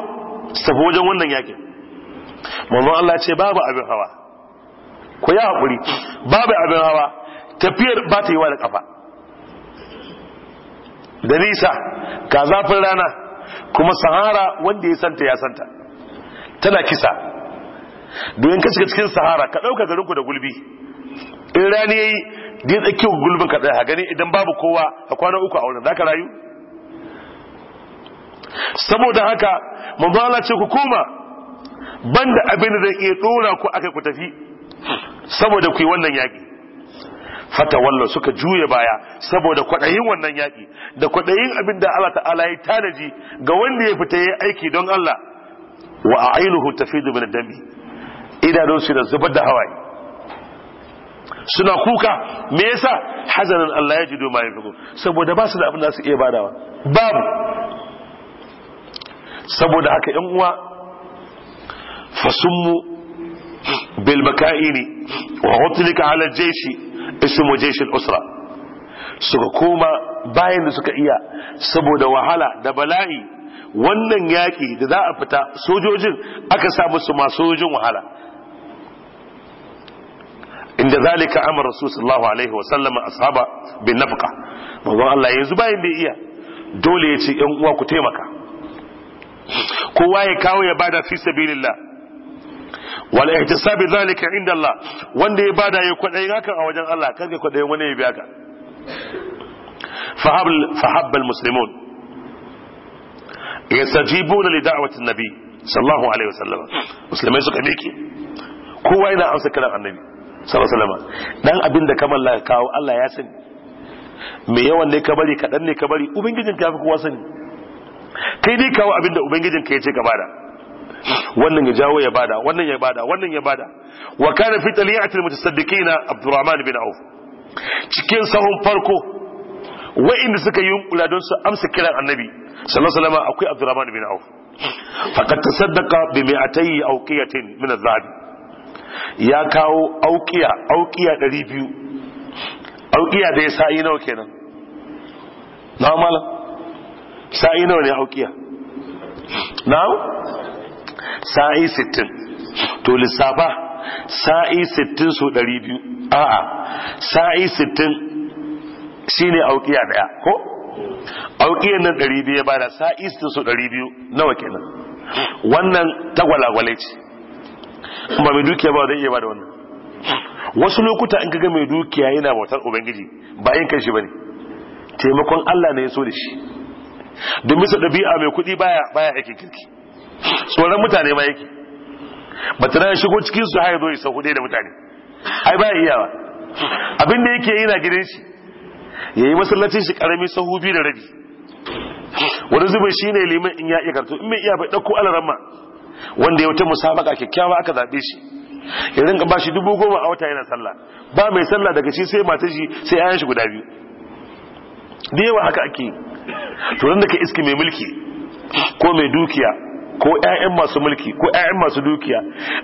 su tafi wajen wannan yakin Mamman Allah ce babu abin hawa ku yi haƙuri babu abin hawa tafiyar ba ta yi da kafa da nisa ga zafin rana kuma sahara wanda ya santa ya santa tana kisa domin ka cikin sahara ka ɗauka garinku da gulbi in rani ya yi da ya tsakiyar gulbin ka tsaya gani idan babu kowa a kwana uku a wurin zaka rayu saboda haka mabala ce ku koma banda abin da zai iya dora ku aka ku tafi saboda ku yi wannan yaƙi fata wallo suka juye baya saboda kwaɗayin wannan yaƙi da kwaɗayin abin da Allah ta'ala ya tanaji ga wanda ya fita ya aiki don Allah wa a ainihu tafi da dami idanun da zubar da hawaye suna kuka me yasa hazanan Allah ya jido ma yafiku saboda ba su da abin da su iya badawa babu saboda haka yan uwa fasummu bil ne, wa hutlika ala jayshi ismu jaysh al usra suka koma bayan da suka iya saboda wahala da bala'i wannan yaƙi da za a fita sojojin aka sa su masu sojojin wahala inda zalika amar rasul sallallahu alaihi wa sallam ashaba bin nafqa manzon Allah yanzu bayan da iya dole ya ce yan uwa ku taimaka kowa ya kawo ya bada fi sabilillah wal ihtisabi zalika inda Allah wanda ya bada ya kwadayin hakan a wajen Allah kar ka kwadayin wani ya biya ka فحب المسلمون يستجيبون لدعوة النبي alaihi wa عليه وسلم suka سكا Kowa كوا amsa أمسك النبي salama dan abin da kamar la kawo Allah ya sani me yawan ne ka bari kaɗan ne ka bari ubangijin ka fi kowa sani kai ne kawo abin da ubangijin ka yace ce ka bada wannan ya jawo ya bada wannan ya bada wannan ya bada wa kana fi taliyatil mutasaddiqina abdurrahman bin auf cikin sahun farko wa'inda suka yi kula don su amsa kiran annabi sallallahu alaihi wasallam akwai abdurrahman bin auf faqad tasaddaqa bi mi'atayi awqiyatin min adh-dhahab ya kawo aukiya aukiya 200 aukiya da ya sa'i nawa kenan na mala sa'i nawa ne aukiya na sa'i 60 to lissafa sa'i 60 su 200 a'a sa'i 60 shine aukiya daya ko Aukiya nan 200 ya bada sa'i 60 su 200 nawa kenan wannan tagwalagwale ce ba mai dukiya ba zai iya ba da wannan wasu lokuta in kaga mai dukiya yana bautar ubangiji ba yin kanshi bane taimakon Allah ne ya so da shi domin sa dabi'a mai kuɗi baya baya aikin kirki tsoron mutane ma yake ba ta shigo cikin su har zo ya da mutane ai baya iyawa abin da yake yana gidan shi yayi masallacin shi karami sahu biyu da rabi wani zubin shine liman in ya iya karatu in mai iya bai dauko alaramma wanda ya wata musabaka kyakkyawa aka zaɓe shi ya rinka ba shi dubu goma a wata yana sallah ba mai sallah daga shi sai mata shi sai ayan shi guda biyu da yawa haka ake to da ka iske mai mulki ko mai dukiya ko ƴaƴan masu mulki ko ƴaƴan masu dukiya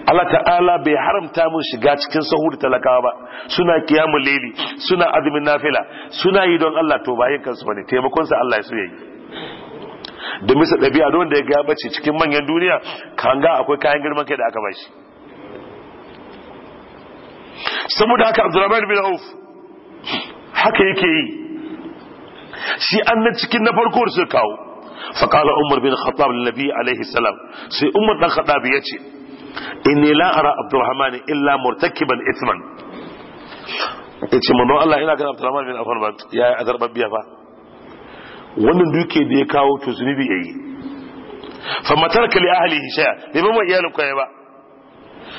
Allah ta'ala bai haramta mun shiga cikin sahur talakawa ba suna kiyamul laili suna azumin nafila suna yi don Allah to bayan kansu bane taimakon sa Allah ya so yayi don bisa ɗabi'a don da ya gaya bace cikin manyan duniya kan ga akwai kayan girman kai da aka bashi saboda haka abdurrahman bin auf haka yake yi shi an na cikin na farko da suka kawo faƙala umar bin khattab nabi alaihi salam sai umar dan khattab ya ce inni la ara abdurrahman illa murtakiban ithman ya ce manzon Allah ina ganin Abdurrahman bin Affan ba ya yi azarbabbiya fa wannan duke da ya kawo to zunubi yi. fa matarka li ahlihi shay'a bai ba mai iyalin kai ba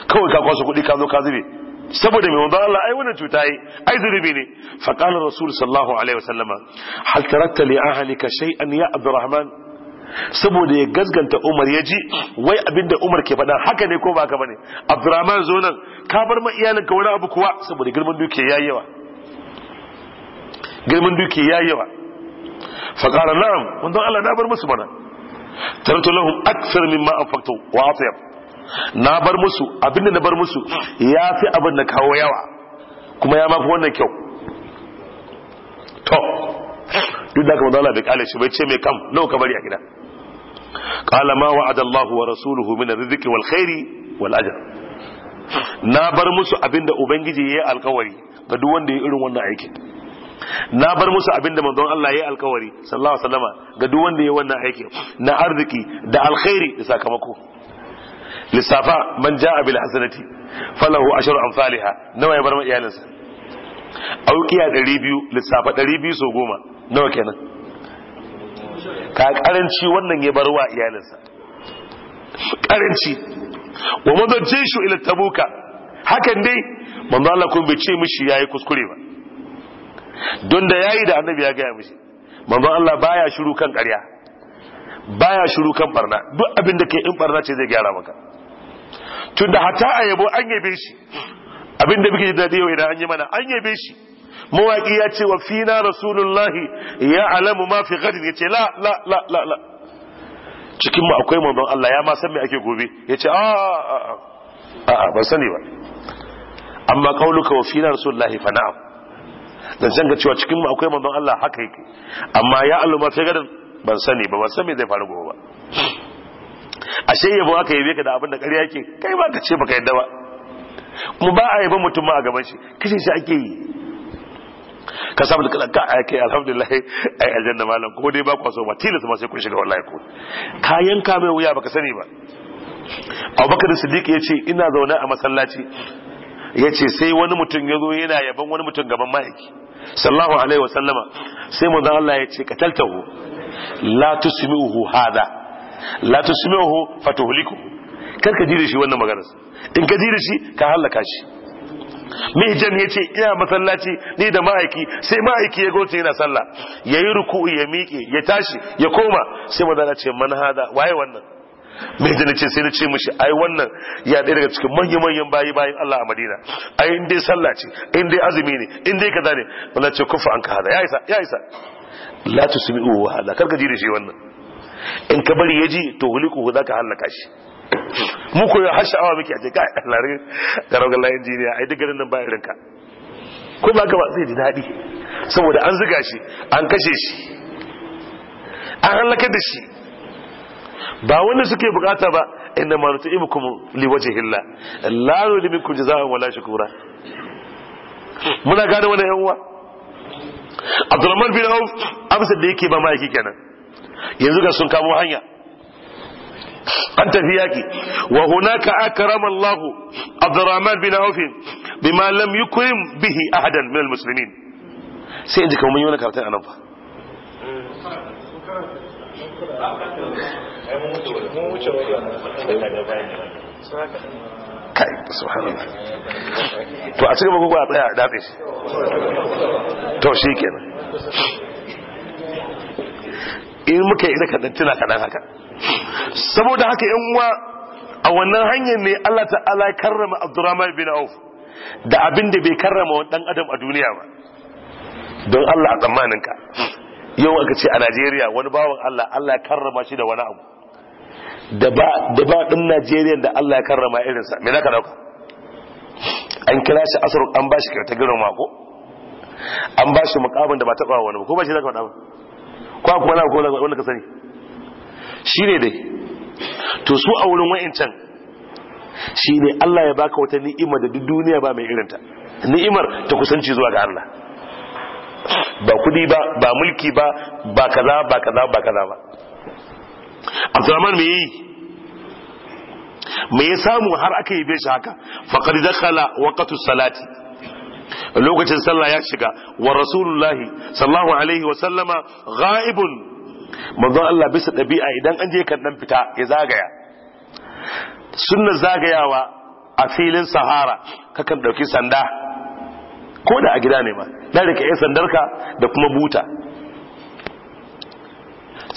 kawai ka kwaso kuɗi ka zo ka zube saboda mai wanda Allah ai wannan cuta yi ai zunubi ne fa qala rasul sallallahu alaihi wasallama hal tarakta li ahlika shay'an ya abdurrahman saboda ya gasganta Umar ya ji wai abinda Umar ke faɗa haka ne ko ba ka bane Abdurrahman zo nan ka bar ma ka wani abu kuwa saboda girman duke yayi yawa girman duke yayi yawa faƙara na'am wanzan Allah na bar musu mana tarto lahum aksar mimma anfaqtu wa atiyab na bar musu abinda na bar musu ya fi abin da kawo yawa kuma ya mafi wannan kyau to duk da kuma dala bai kale shi bai ce mai kam nawa ka bari a gida qala ma wa'ada Allahu wa rasuluhu min ar-rizqi wal na bar musu abinda ubangiji yayi alkawari ga duk wanda ya yi irin wannan aikin na bar musu abin da manzon Allah ya yi alkawari sallallahu alaihi wasallama ga duk wanda ya wannan aiki na arziki da alkhairi da sakamako lissafa man ja'a bil hasanati falahu ashru amsalha nawa ya bar ma iyalinsa aukiya 200 lissafa 200 so goma nawa kenan ka karanci wannan ya bar wa iyalinsa karanci wa madajjishu ila tabuka hakan dai manzo Allah kun bai ce mishi yayi kuskure ba don da ya yi da annabi ya gaya mishi manzon Allah baya shiru kan ƙarya baya shiru kan barna duk abin da ke in barna ce zai gyara maka tunda hata a yabo an yabe shi abin da muke dadi yau idan an yi mana an yabe shi Mawaƙi ya ce wa fina rasulullahi ya alamu ma fi gadin ya ce la la la la la cikin mu akwai manzon Allah ya ma san me ake gobe ya ce a a a ban sani ba amma kauluka wa fina rasulullahi fa na'am dan san ga cewa cikin mu akwai manzon Allah haka yake amma ya alluma sai garin ban sani ba ban san me zai faru gobe ba ashe yabo aka yabe ka da abin da ƙarya yake kai ba ka ce baka yadda ba kuma ba a yaba mutum ma a gaban shi kashe shi ake yi ka samu da kalaka a kai alhamdulillah ai aljanna malam ko dai ba ku so ba tilas ma sai kun shiga wallahi ku ka yanka mai wuya baka sani ba abubakar siddiq ya ce ina zaune a masallaci ya ce sai wani mutum ya zo yana yaban wani mutum gaban ma'aiki Sallahu alaihi wa sallama sai manzon Allah ya ce kataltahu la tusmi'uhu hada la tusmi'uhu fatuhliku kar ka jira shi wannan magana in ka jira shi ka halaka shi Mijan ya ce ina masallaci ni da ma'aiki sai ma'aiki ya gote yana sallah ya yi ruku ya miƙe ya tashi ya koma sai manzon Allah ce man hada waye wannan mai da nace sai na ce mishi ai wannan ya ɗaya daga cikin manyan manyan bayi bayan Allah a Madina ai in dai sallah ce in dai azumi ne in dai kaza ne wallahi ce kufa an ka hada ya isa ya isa la tusmi'u wa hala kar ka ji da shi wannan in ka bari ya ji to huliku za ka halaka shi mu ko ya hasha awa muke a ce kai lare garau ga layin jiniya ai duk garin nan ba irinka ko ba ka ba zai ji daɗi saboda an zuga shi an kashe shi an halakar da shi ba wanda suke bukata ba inda ma nut'imukum liwajhillah la nuridu minkum jazaa'an wala shukura muna gane wani yan uwa Abdulrahman bin Auf amsa da yake ba mai kenan yanzu ga sun kamo hanya an tafi yaki wa hunaka akrama Allah Abdurrahman bin Auf bima lam yukrim bihi ahadan min almuslimin sai ji kamar yi wani karatun anan fa kai subhanallah to a cikin gugu a tsaya a dafe shi to shi kenan in muka yi da kadan tuna kadan haka saboda haka yan uwa a wannan hanyar ne Allah ta'ala ya karrama Abdurrahman bin Auf da abin da bai karrama wani dan adam a duniya ba don Allah a tsammanin ka yau aka ce a Najeriya wani bawan Allah Allah ya karrama shi da wani abu da ba din Najeriya da Allah ya karrama irinsa me zaka dauka an kira shi asar an ba shi kyauta girin mako an ba shi mukamin da ba taba wani ko ba shi zaka faɗa ba ko kuma na ko wanda ka sani Shi ne dai to su a wurin wa'incan ne Allah ya baka wata ni'ima da duk duniya ba mai irinta ni'imar ta kusanci zuwa ga Allah ba kudi ba ba mulki ba ba kaza ba kaza ba kaza ba abdurrahman me yi me ya samu har aka yi shi haka Faƙar dakhala waqtu salati lokacin sallah ya shiga wa rasulullahi sallallahu alaihi wa sallama manzon Allah bisa ɗabi'a idan an je kan ɗan fita ya zagaya suna zagayawa a filin sahara kakan ɗauki sanda ko da a gida ne ma dan rike yan sandarka da kuma buta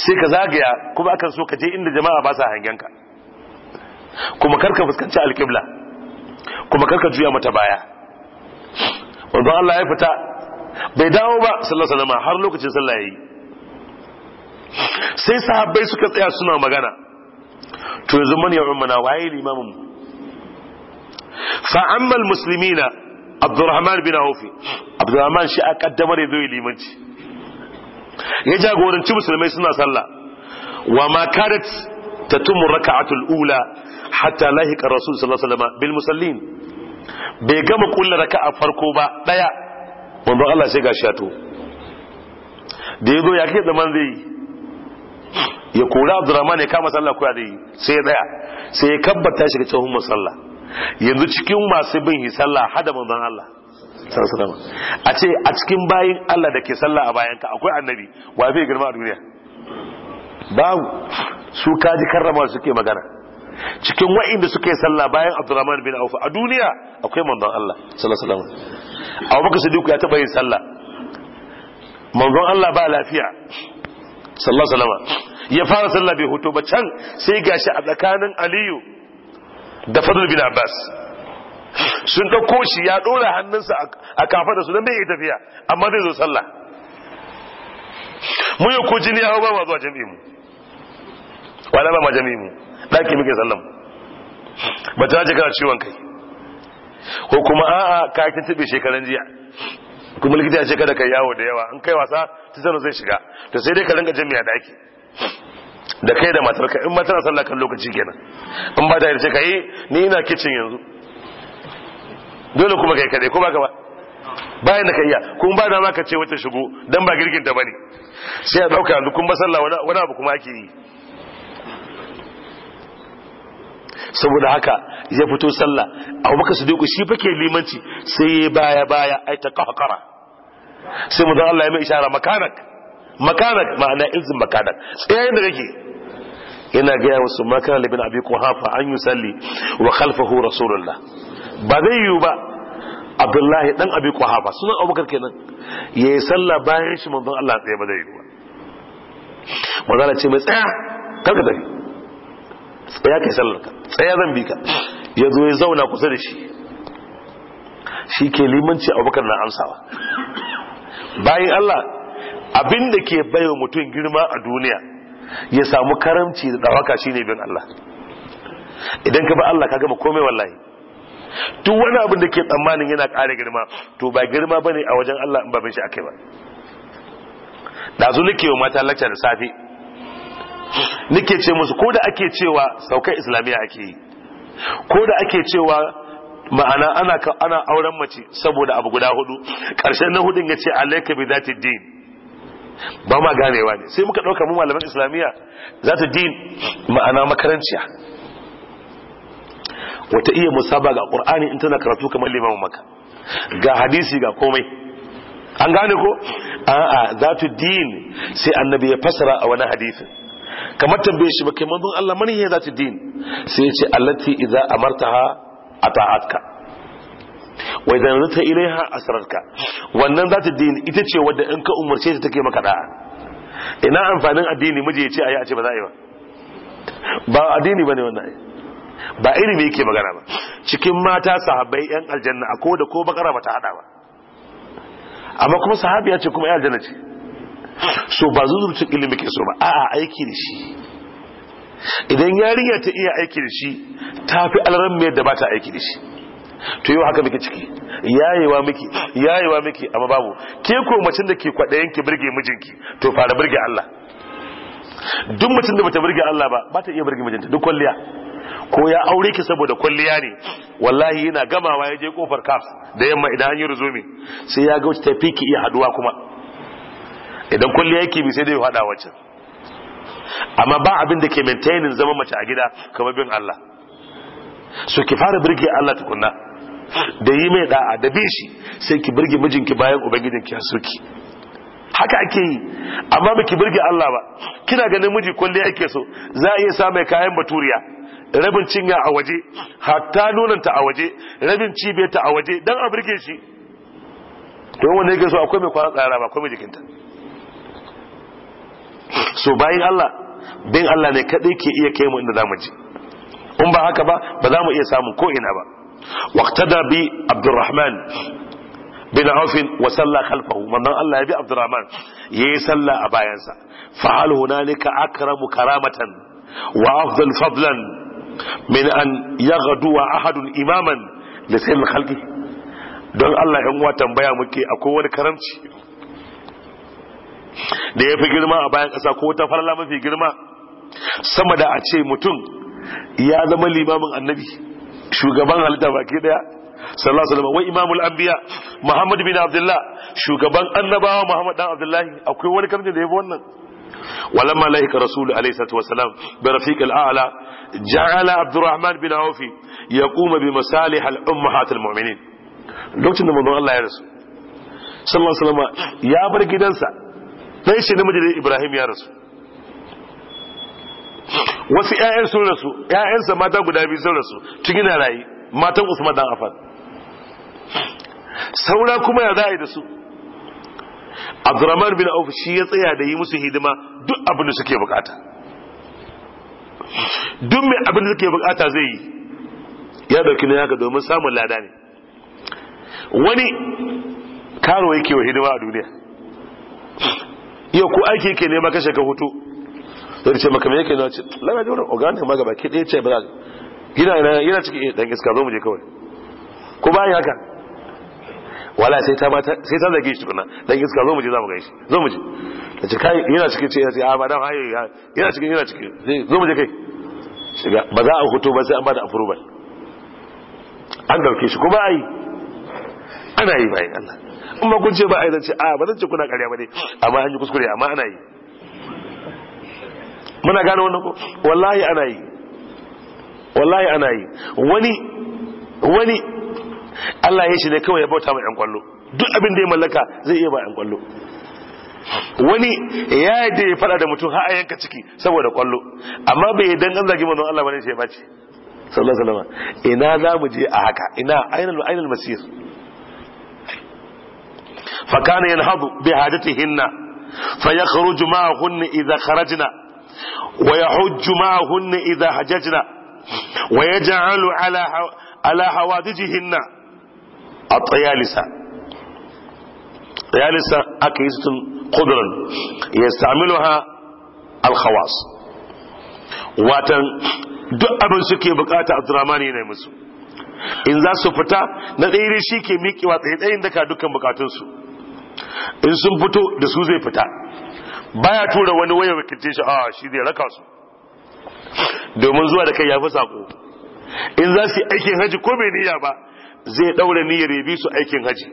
sai ka zagaya kuma akan so ka je inda jama'a ba sa hangenka kuma karka fuskanci alƙibla kuma karka juya mata baya wanzan Allah ya fita bai dawo ba sallallahu alaihi har lokacin sallah yayi sai sahabbai suka tsaya suna magana to yanzu man ya ummana waye limamin fa amma almuslimina Abdurrahman bin Awfi Abdurrahman shi a kaddamar yazo limanci ya jagoranci musulmai suna sallah wa ma kadat tatumu raka'atul ula hatta lahiqa rasul sallallahu alaihi wasallam bil musallin bai gama kullu raka'a farko ba daya wanda Allah sai gashi ya da yazo ya kai zaman zai ya kora Abdurrahman ya kama sallah ko ya dai sai daya sai ya kabbata shi ga tsohon sallah yanzu cikin masu bin hisalla sallah hada manzon Allah sallallahu a ce a cikin bayin Allah da ke sallah a bayanka akwai annabi wa fi girma a duniya babu su kaji karrama suke magana cikin wa'inda suke sallah bayan Abdurrahman bin Auf a duniya akwai manzon Allah sallallahu alaihi wasallam Abu Bakar Siddiq ya taba yin sallah manzon Allah ba lafiya sallallahu alaihi ya fara sallah bai hoto ba can sai gashi a tsakanin Aliyu da Fadl bin Abbas sun ɗauko shi ya ɗora hannunsa a kafa da su don bai iya tafiya amma zai zo sallah mu yi ko jini hau ba ma zuwa jami'i mu wala ba ma jami'i mu ɗaki muke sallan ba ta ji kana ciwon kai ko kuma a'a ka kin tabe shekaran jiya kuma likita ya ce kada kai yawo da yawa in kai wasa ta sanar zai shiga to sai dai ka ringa jami'a daki da kai da matarka in matar sallah kan lokaci kenan in ba ta yarda ka yi ni ina kitchen yanzu dole kuma kai kadai ko baka ba bayan da ka kun kuma ba dama ka ce wata shigo dan ba girgin ta bane sai a dauka yanzu kun wala wani abu kuma ake yi saboda haka ya fito sallah abu baka su duku shi fake limanci sai ya baya baya ai ta kahakara sai mu Allah ya mai isharar makanak makanak ma'ana izin makanak tsayayin da kake yana gaya wasu makanar libin abi quhafa an yusalli wa khalfahu rasulullah ba zai yiwu ba abdullahi dan abi kwahafa sunan abubakar kenan ya yi sallah bayan shi manzon allah tsaye ba zai yiwu ba manzala ce mai tsaya karka tafi tsaya kai sallar ka tsaya zan bi ka ya zo ya zauna kusa da shi shi ke limanci abubakar na amsawa bayan allah abin da ke baiwa mutum girma a duniya ya samu karamci da dawaka shine bin allah idan ka ba allah ka gama komai wallahi Tun wani abin da ke tsammanin yana ƙara girma to ba girma ne a wajen Allah in ba bin shi akai ba dazu nake wa mata lacca da safe nake ce musu ko da ake cewa saukai islamiyya ake yi ko da ake cewa ma'ana ana ana auren mace saboda abu guda hudu karshen na hudun ce alaika bi zati din ba ma ganewa ne sai muka ɗauka mu malaman islamiyya zati din ma'ana makarantiya wata iya musaba ga qur'ani in tana karatu kamar limamu maka ga hadisi ga komai an gane ko a'a zatu din sai annabi ya fasara a wani hadisin kamar tambaye shi ba manzon Allah mani ya zatu din sai ya ce allati idza amartaha ata'atka wa idan rata ilaiha asrarka wannan zatu din ita ce wadda in ka umarce ta take maka da'a ina amfanin addini miji ya ce ayi a ce ba za a yi ba ba addini bane wannan ba ilimi yake magana ba cikin mata sahabbai yan aljanna a ko da ko bakara ba ta hada ba amma kuma sahabiya ce kuma yan aljanna ce so ba zuzurcin ilimi ke so ba a'a aiki da shi idan yarinya ta iya aiki da shi ta fi alaran mai da ba ta aiki da shi to yau haka muke ciki yayewa muke yayewa muke amma babu ke ko mace da ke kwaɗayen ki burge mijinki to fara burge Allah duk mutum da bata burge Allah ba ba ta iya birge mijinta duk kwalliya ko ya aure ki saboda kwalliya ne wallahi yana gamawa ya je kofar kaf da yamma idan an yi ruzumi sai ya ga wacce tafi ki iya haduwa kuma idan kwalliya yake bi sai dai ya hada wacce amma ba abin da ke maintaining zama mace a gida kamar bin Allah so ki fara birge Allah tukunna da yi mai da'a da bin shi sai ki birge mijinki bayan ubangijin ya soki haka ake yi amma baki birge Allah ba kina ganin miji kwalliya yake so za a iya sa mai kayan baturiya rabin cinya a waje hatta nonanta a waje rabin cibiyarta a waje don a birge shi to yin wanda yake so akwai mai kwana tsara ba akwai mai jikinta so bayan Allah bin Allah ne kadai ke iya kai mu inda mu ji in ba haka ba ba za mu iya samun ko ina ba waqtada bi Abdurrahman bin Auf wa salla khalfahu manzon Allah ya bi Abdurrahman yayi sallah a bayansa fa hal hunalika akramu karamatan wa afdal fadlan min an wa ahadun imaman da sai khalqi don Allah yan uwa tambaya muke akwai wani karamci da ya fi girma a bayan ƙasa ko ta farla mafi girma sama da a ce mutum ya zama limamin annabi shugaban halitta baki daya sallallahu alaihi wasallam wa imamul anbiya muhammad bin abdullah shugaban annabawa muhammad dan abdullahi akwai wani karamci da ya fi wannan ولما لهك رسول عليه الصلاة والسلام برفيق الأعلى جعل عبد الرحمن بن عوف يقوم بمصالح الأمهات المؤمنين لوكتن من الله يا رسول صلى الله عليه وسلم يا بر gidansa dai shi namiji Ibrahim ya rasu wasu ƴaƴan sun rasu ƴaƴansa mata guda biyu sun rasu tun yana rayi matan Usman dan afan. saura kuma ya za'a da su abdurrahman bin auf shi ya tsaya da yi musu hidima duk abin da suke bukata duk mai abin da suke bukata zai yi ya dauki na haka domin samun lada ne wani karo yake wa hidima a duniya yau ku aiki yake nema kashe ka hutu zai ce maka me yake na ce lana jawar organic ma gaba ɗaya ce ba gina yana cikin eh, ɗan iska zo mu je kawai ku bayan haka wala sai ta mata sai ta zage shi tukuna dan iska zo mu je za mu ga shi zo mu je ta ce kai yana cikin ce sai ah, a madam haye yana cikin yana cikin zo mu je kai shiga ba za a hoto ba sai an bada approval an dauke shi kuma ai ana yi bai Allah in ba kun ce ba ai zance ce a ah, ba zance kuna ƙarya ba ne amma an yi kuskure amma ana yi muna gane wannan ko wallahi ana yi wallahi ana yi wani wani Allah ya shi ne kawai ya bauta ma yan kwallo duk abin da ya mallaka zai iya ba yan kwallo wani ya yadda ya fada da mutum har a yanka ciki saboda kwallo amma bai yi an zagi manzon Allah bane sai ya bace sallallahu alaihi wasallam ina za mu je a haka ina ainul ainul masir fa kana yanhadu bi hajatihinna fa yakhruju ma'ahunna idha kharajna wa yahujju ma'ahunna idha hajajna wa yaj'alu ala ala hawadijihinna a tsayalisa tsayalisa aka yi sutun kudurin ya sami ha alkhawas watan duk abin suke bukata abdurrahman yana musu in za su fita na ɗaya shi ke miƙewa tsaye tsayin daka dukkan bukatunsu in sun fito da su zai fita baya tura wani waya wakilce shi a shi zai raka su domin zuwa da kai ya fi sako in za su yi aikin haji ko bai niyya ba zai daura niyyar ya bi su aikin haji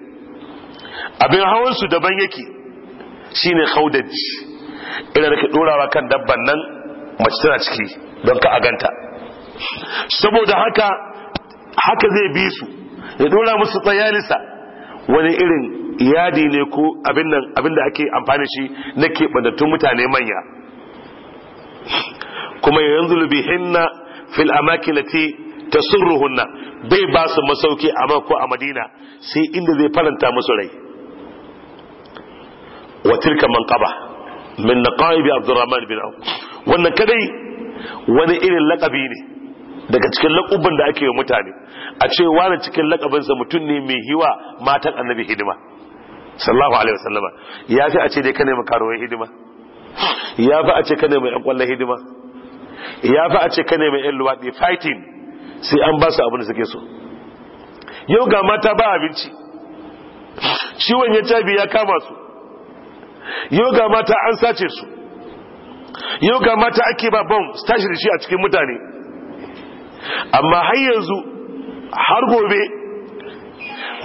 abin hawan su daban yake shine khaudaj idan ka dorawa kan dabban nan mace tana ciki don ka aganta saboda haka haka zai bi su ya dora musu tsayanisa wani irin yadi ne ko abin nan abin da ake amfani shi na keɓantattun mutane manya kuma yanzu lubihinna fil amakilati ta tasurruhunna bai ba su masauki a mako a madina sai inda zai faranta musu rai wa tilka manqaba min naqaib abdurrahman bin auf wannan kadai wani irin lakabi ne daga cikin laƙuban da ake yi mutane a ce wani cikin lakabinsa mutum ne mai hiwa matan annabi hidima sallallahu alaihi wasallama ya fi a ce dai kane makarowar hidima ya fi a ce kane mai ƴan kwallon hidima ya fi a ce kane mai ƴan luwaɗi fighting sai an ba su abin da suke so yau ga mata ba abinci ciwon ya cabi ya kama su yau ga mata an sace su yau ga mata ake ba bom stashin da shi a cikin mutane amma har yanzu har gobe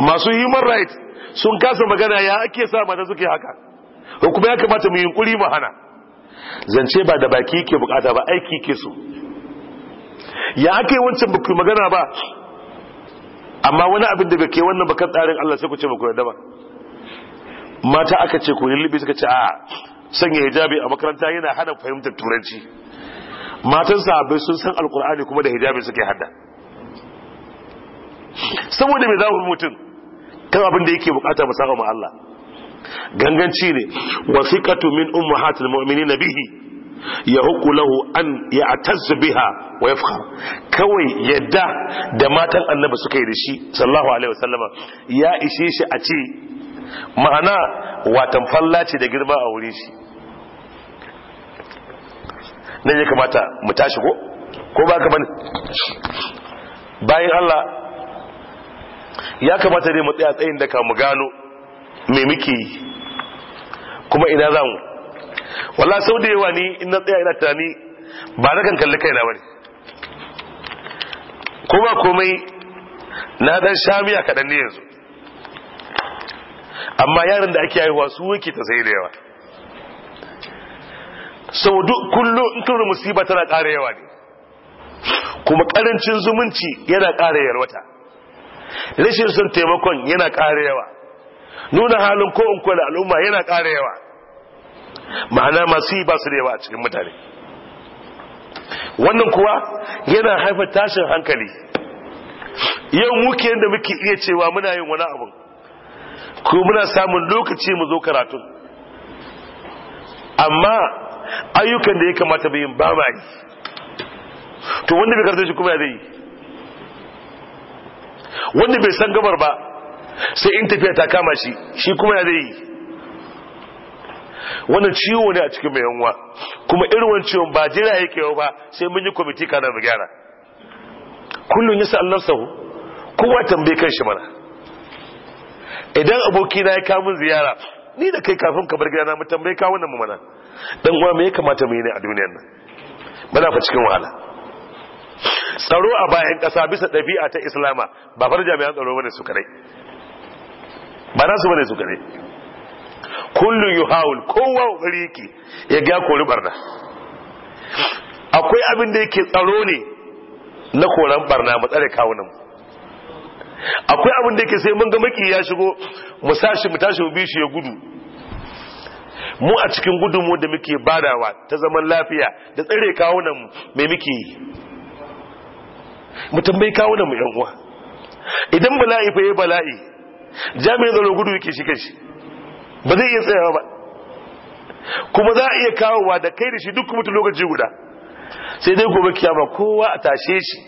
masu human rights sun kasa magana ya ake sa mata suke haka ko kuma ya kamata mu yunkuri mu hana zance ba da baki ke bukata ba aiki ke so ya ake wancan ba ku magana ba amma wani abin da bai kai wannan bakan tsarin Allah sai ku ce ba ku yarda ba mata aka ce ku lullubi suka ce a sanya hijabi a makaranta yana hana fahimtar turanci matan sahabbai sun san alkur'ani kuma da hijabi suke hada saboda mai zafin mutum kan abin da yake bukata musamman Allah ganganci ne wasiqatu min ummahatil mu'minin bihi ya huku lahu an ya atazzu biha wa yafkha kawai yadda da matan annabi suka yi da shi sallallahu alaihi wasallama ya ishe shi a ce ma'ana watan fallaci da girma a wuri shi nan ya kamata mu tashi ko ko ba ka bane bayan Allah ya kamata dai mu tsaya tsayin da ka mu gano me muke yi kuma ina zamu Wala sau da yawa ni in na tsaya ina tunani ba na kan kalli kaina bane ko ba komai na dan shamiya kaɗan ne yanzu amma yaran da ake haihuwa su wake ta sai da yawa sau duk kullum in kan musiba tana ƙara yawa ne kuma ƙarancin zumunci yana ƙara wata. rashin sun taimakon yana ƙara yawa nuna halin ko in kula al'umma yana ƙara yawa ma'ana masu yi ba su da yawa a cikin mutane wannan kuwa yana haifar tashin hankali yau muke yadda muke iya cewa muna yin wani abu ko muna samun lokaci mu zo karatu amma ayyukan da ya kamata bai ba yi to wanda bai karta shi kuma zai yi wanda bai san gabar ba sai in tafiya ta kama shi shi kuma ya zai yi wannan ciwo ne a cikin mai yanwa kuma irin wani ciwon ba jira yake yau ba sai mun yi kwamiti kana da gyara kullum ya Allah sahu kowa tambaye kan shi mana idan aboki na ya kawo min ziyara ni da kai kafin ka bar gida na mu tambaye ka wannan mu mana dan uwa me ya kamata mu yi ne a duniyar nan bana fa cikin wahala tsaro a bayan kasa bisa ɗabi'a ta islama ba far jami'an tsaro bane su kare ba na su bane su kare kullu yuhawul kowa kokari yake ya ga kori barna akwai abin da yake tsaro ne na koran barna mu tsare kawunan akwai abin da yake sai mun ga maki ya shigo mu sashi mu tashi mu bi shi ya gudu mu a cikin gudunmu da muke badawa ta zaman lafiya da tsare kawunan mai muke yi mu tambayi kawunan mu yan uwa idan bala'i fa yi bala'i jami'in zaro gudu yake shi kashi ba zai iya tsayawa ba kuma za a iya kawowa da kai da shi duk mutu lokaci guda sai dai gobe kiyama kowa a tashe shi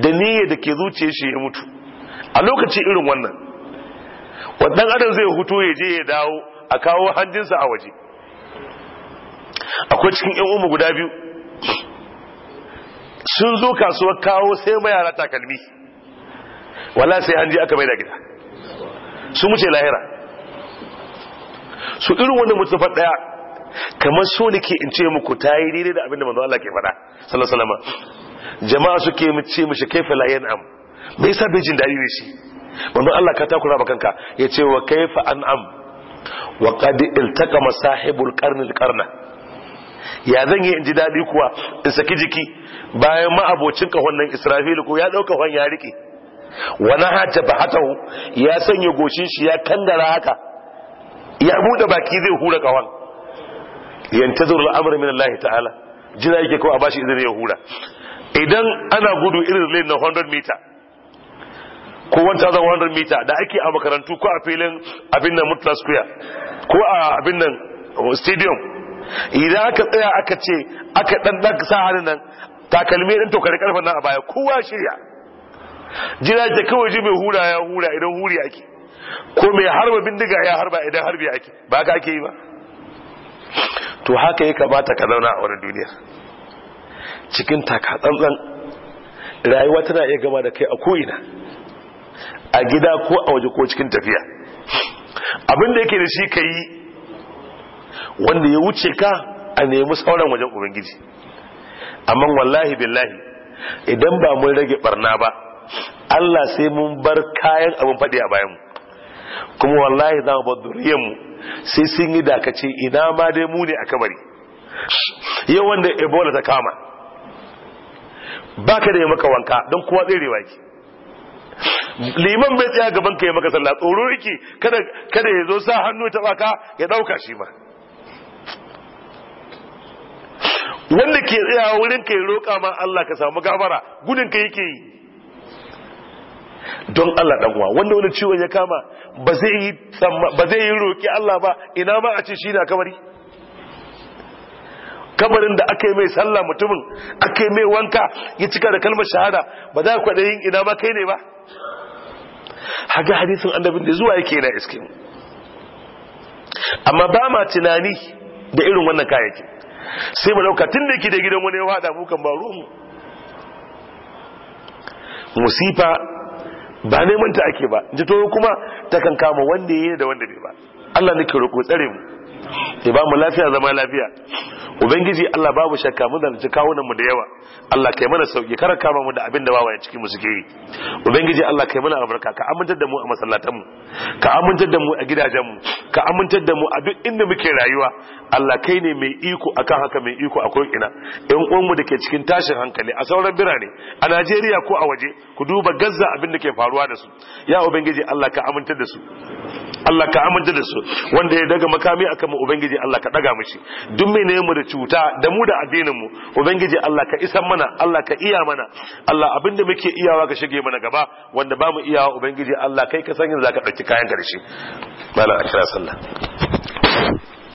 da niyyar da ke zuciya shi ya mutu a lokaci irin wannan wannan adam zai hutu ya je ya dawo a kawo hanjinsa a waje akwai cikin yan umu guda biyu sun zo kasuwar kawo sai mai yara takalmi wala sai an je aka mai da gida sun wuce lahira su irin wannan mutufa daya kamar so ke in ce muku ta yi daidai da abinda da manzo Allah ke faɗa sallallahu alaihi wasallam jama'a suke mu ce mishi kaifa la yan'am me yasa bai jin dadi ne shi manzo Allah ka takura ba kanka yace wa kaifa an'am wa qad iltaqama sahibul karni da qarna ya zan yi in ji daɗi kuwa in saki jiki bayan ma'abocin kahon nan israfilu ko ya ɗauka hon ya riƙe wani hata ba hatahu ya sanya goshin shi ya kandara haka ya bude baki zai hura kawan yantazir al'amr min Allah ta'ala jira yake ko a bashi izini ya hura idan ana gudu irin lane na 100 meter ko 1000 meter da ake a makarantu ko a filin abin nan mutla square ko a abin nan stadium idan aka tsaya aka ce aka dan dan sa hannun nan takalmi din to kare karfin nan a baya kowa shirya jira yake kawai ji mai hura ya hura idan huri ake ko mai harba bindiga ya harba idan harbi ake ba ka ake yi ba to haka ya kamata ka zauna a wani duniya. cikin taka tsantsan rayuwa tana iya gama da kai a ko'ina a gida ko a waje ko cikin tafiya abin da yake da shi ka yi wanda ya wuce ka a nemi sauran wajen ubangiji amma wallahi billahi idan ba mun rage barna ba Allah sai mun bar kayan abin faɗi a bayanmu kuma wallahi za mu bar mu sai sun yi dakace ina ma dai mu ne a kabari yau wanda ebola ta kama baka da ya maka wanka don kowa tserewa ki liman bai tsaya gaban ka ya maka sallah tsoro yake kada kada ya zo sa hannu ta baka ya dauka shi ma wanda ke tsayawa wurin ka ya roƙa ma Allah ka samu gafara gudun ka yake yi don Allah dan uwa wanda wani ciwon ya kama ba zai yi ba roki Allah ba ina ma a ce shi na kabari kabarin da aka yi mai sallah mutumin aka yi mai wanka ya cika da kalmar shahada ba za ku yin ina ma kai ne ba haga hadisin annabin da zuwa yake na iske amma ba ma tunani da irin wannan kayayyakin sai mu dauka tun da ke da gidan wani ya mu mukan ba ruhu musifa ba neman ta ake ba ji to kuma ta kan kama wanda yayi da wanda bai ba Allah nake roƙo tsare mu ya ba mu lafiya zama lafiya ubangiji Allah babu shakka mu zalunci kawunan mu da yawa Allah kai mana sauki kar kama mu da abin da bawa ya ciki mu suke yi ubangiji Allah kai mana albarka ka amintar da mu a masallatan mu ka amintar da mu a gidajen mu ka amintar da mu a duk inda muke rayuwa Allah kai ne mai iko akan haka mai iko a ina ɗan mu da ke cikin tashin hankali a sauran birane a Najeriya ko a waje ku duba gazza abin da ke faruwa da su ya ubangiji Allah ka aminta da su Allah ka aminta da su wanda ya daga makami akan mu ubangiji Allah ka daga mishi duk mai ne mu da cuta da mu da addinin mu ubangiji Allah ka isan mana Allah ka iya mana Allah abin da muke iyawa ka shige mana gaba wanda ba mu iyawa ubangiji Allah kai ka san yanzu zaka dauki kayan karshe malam akira sallah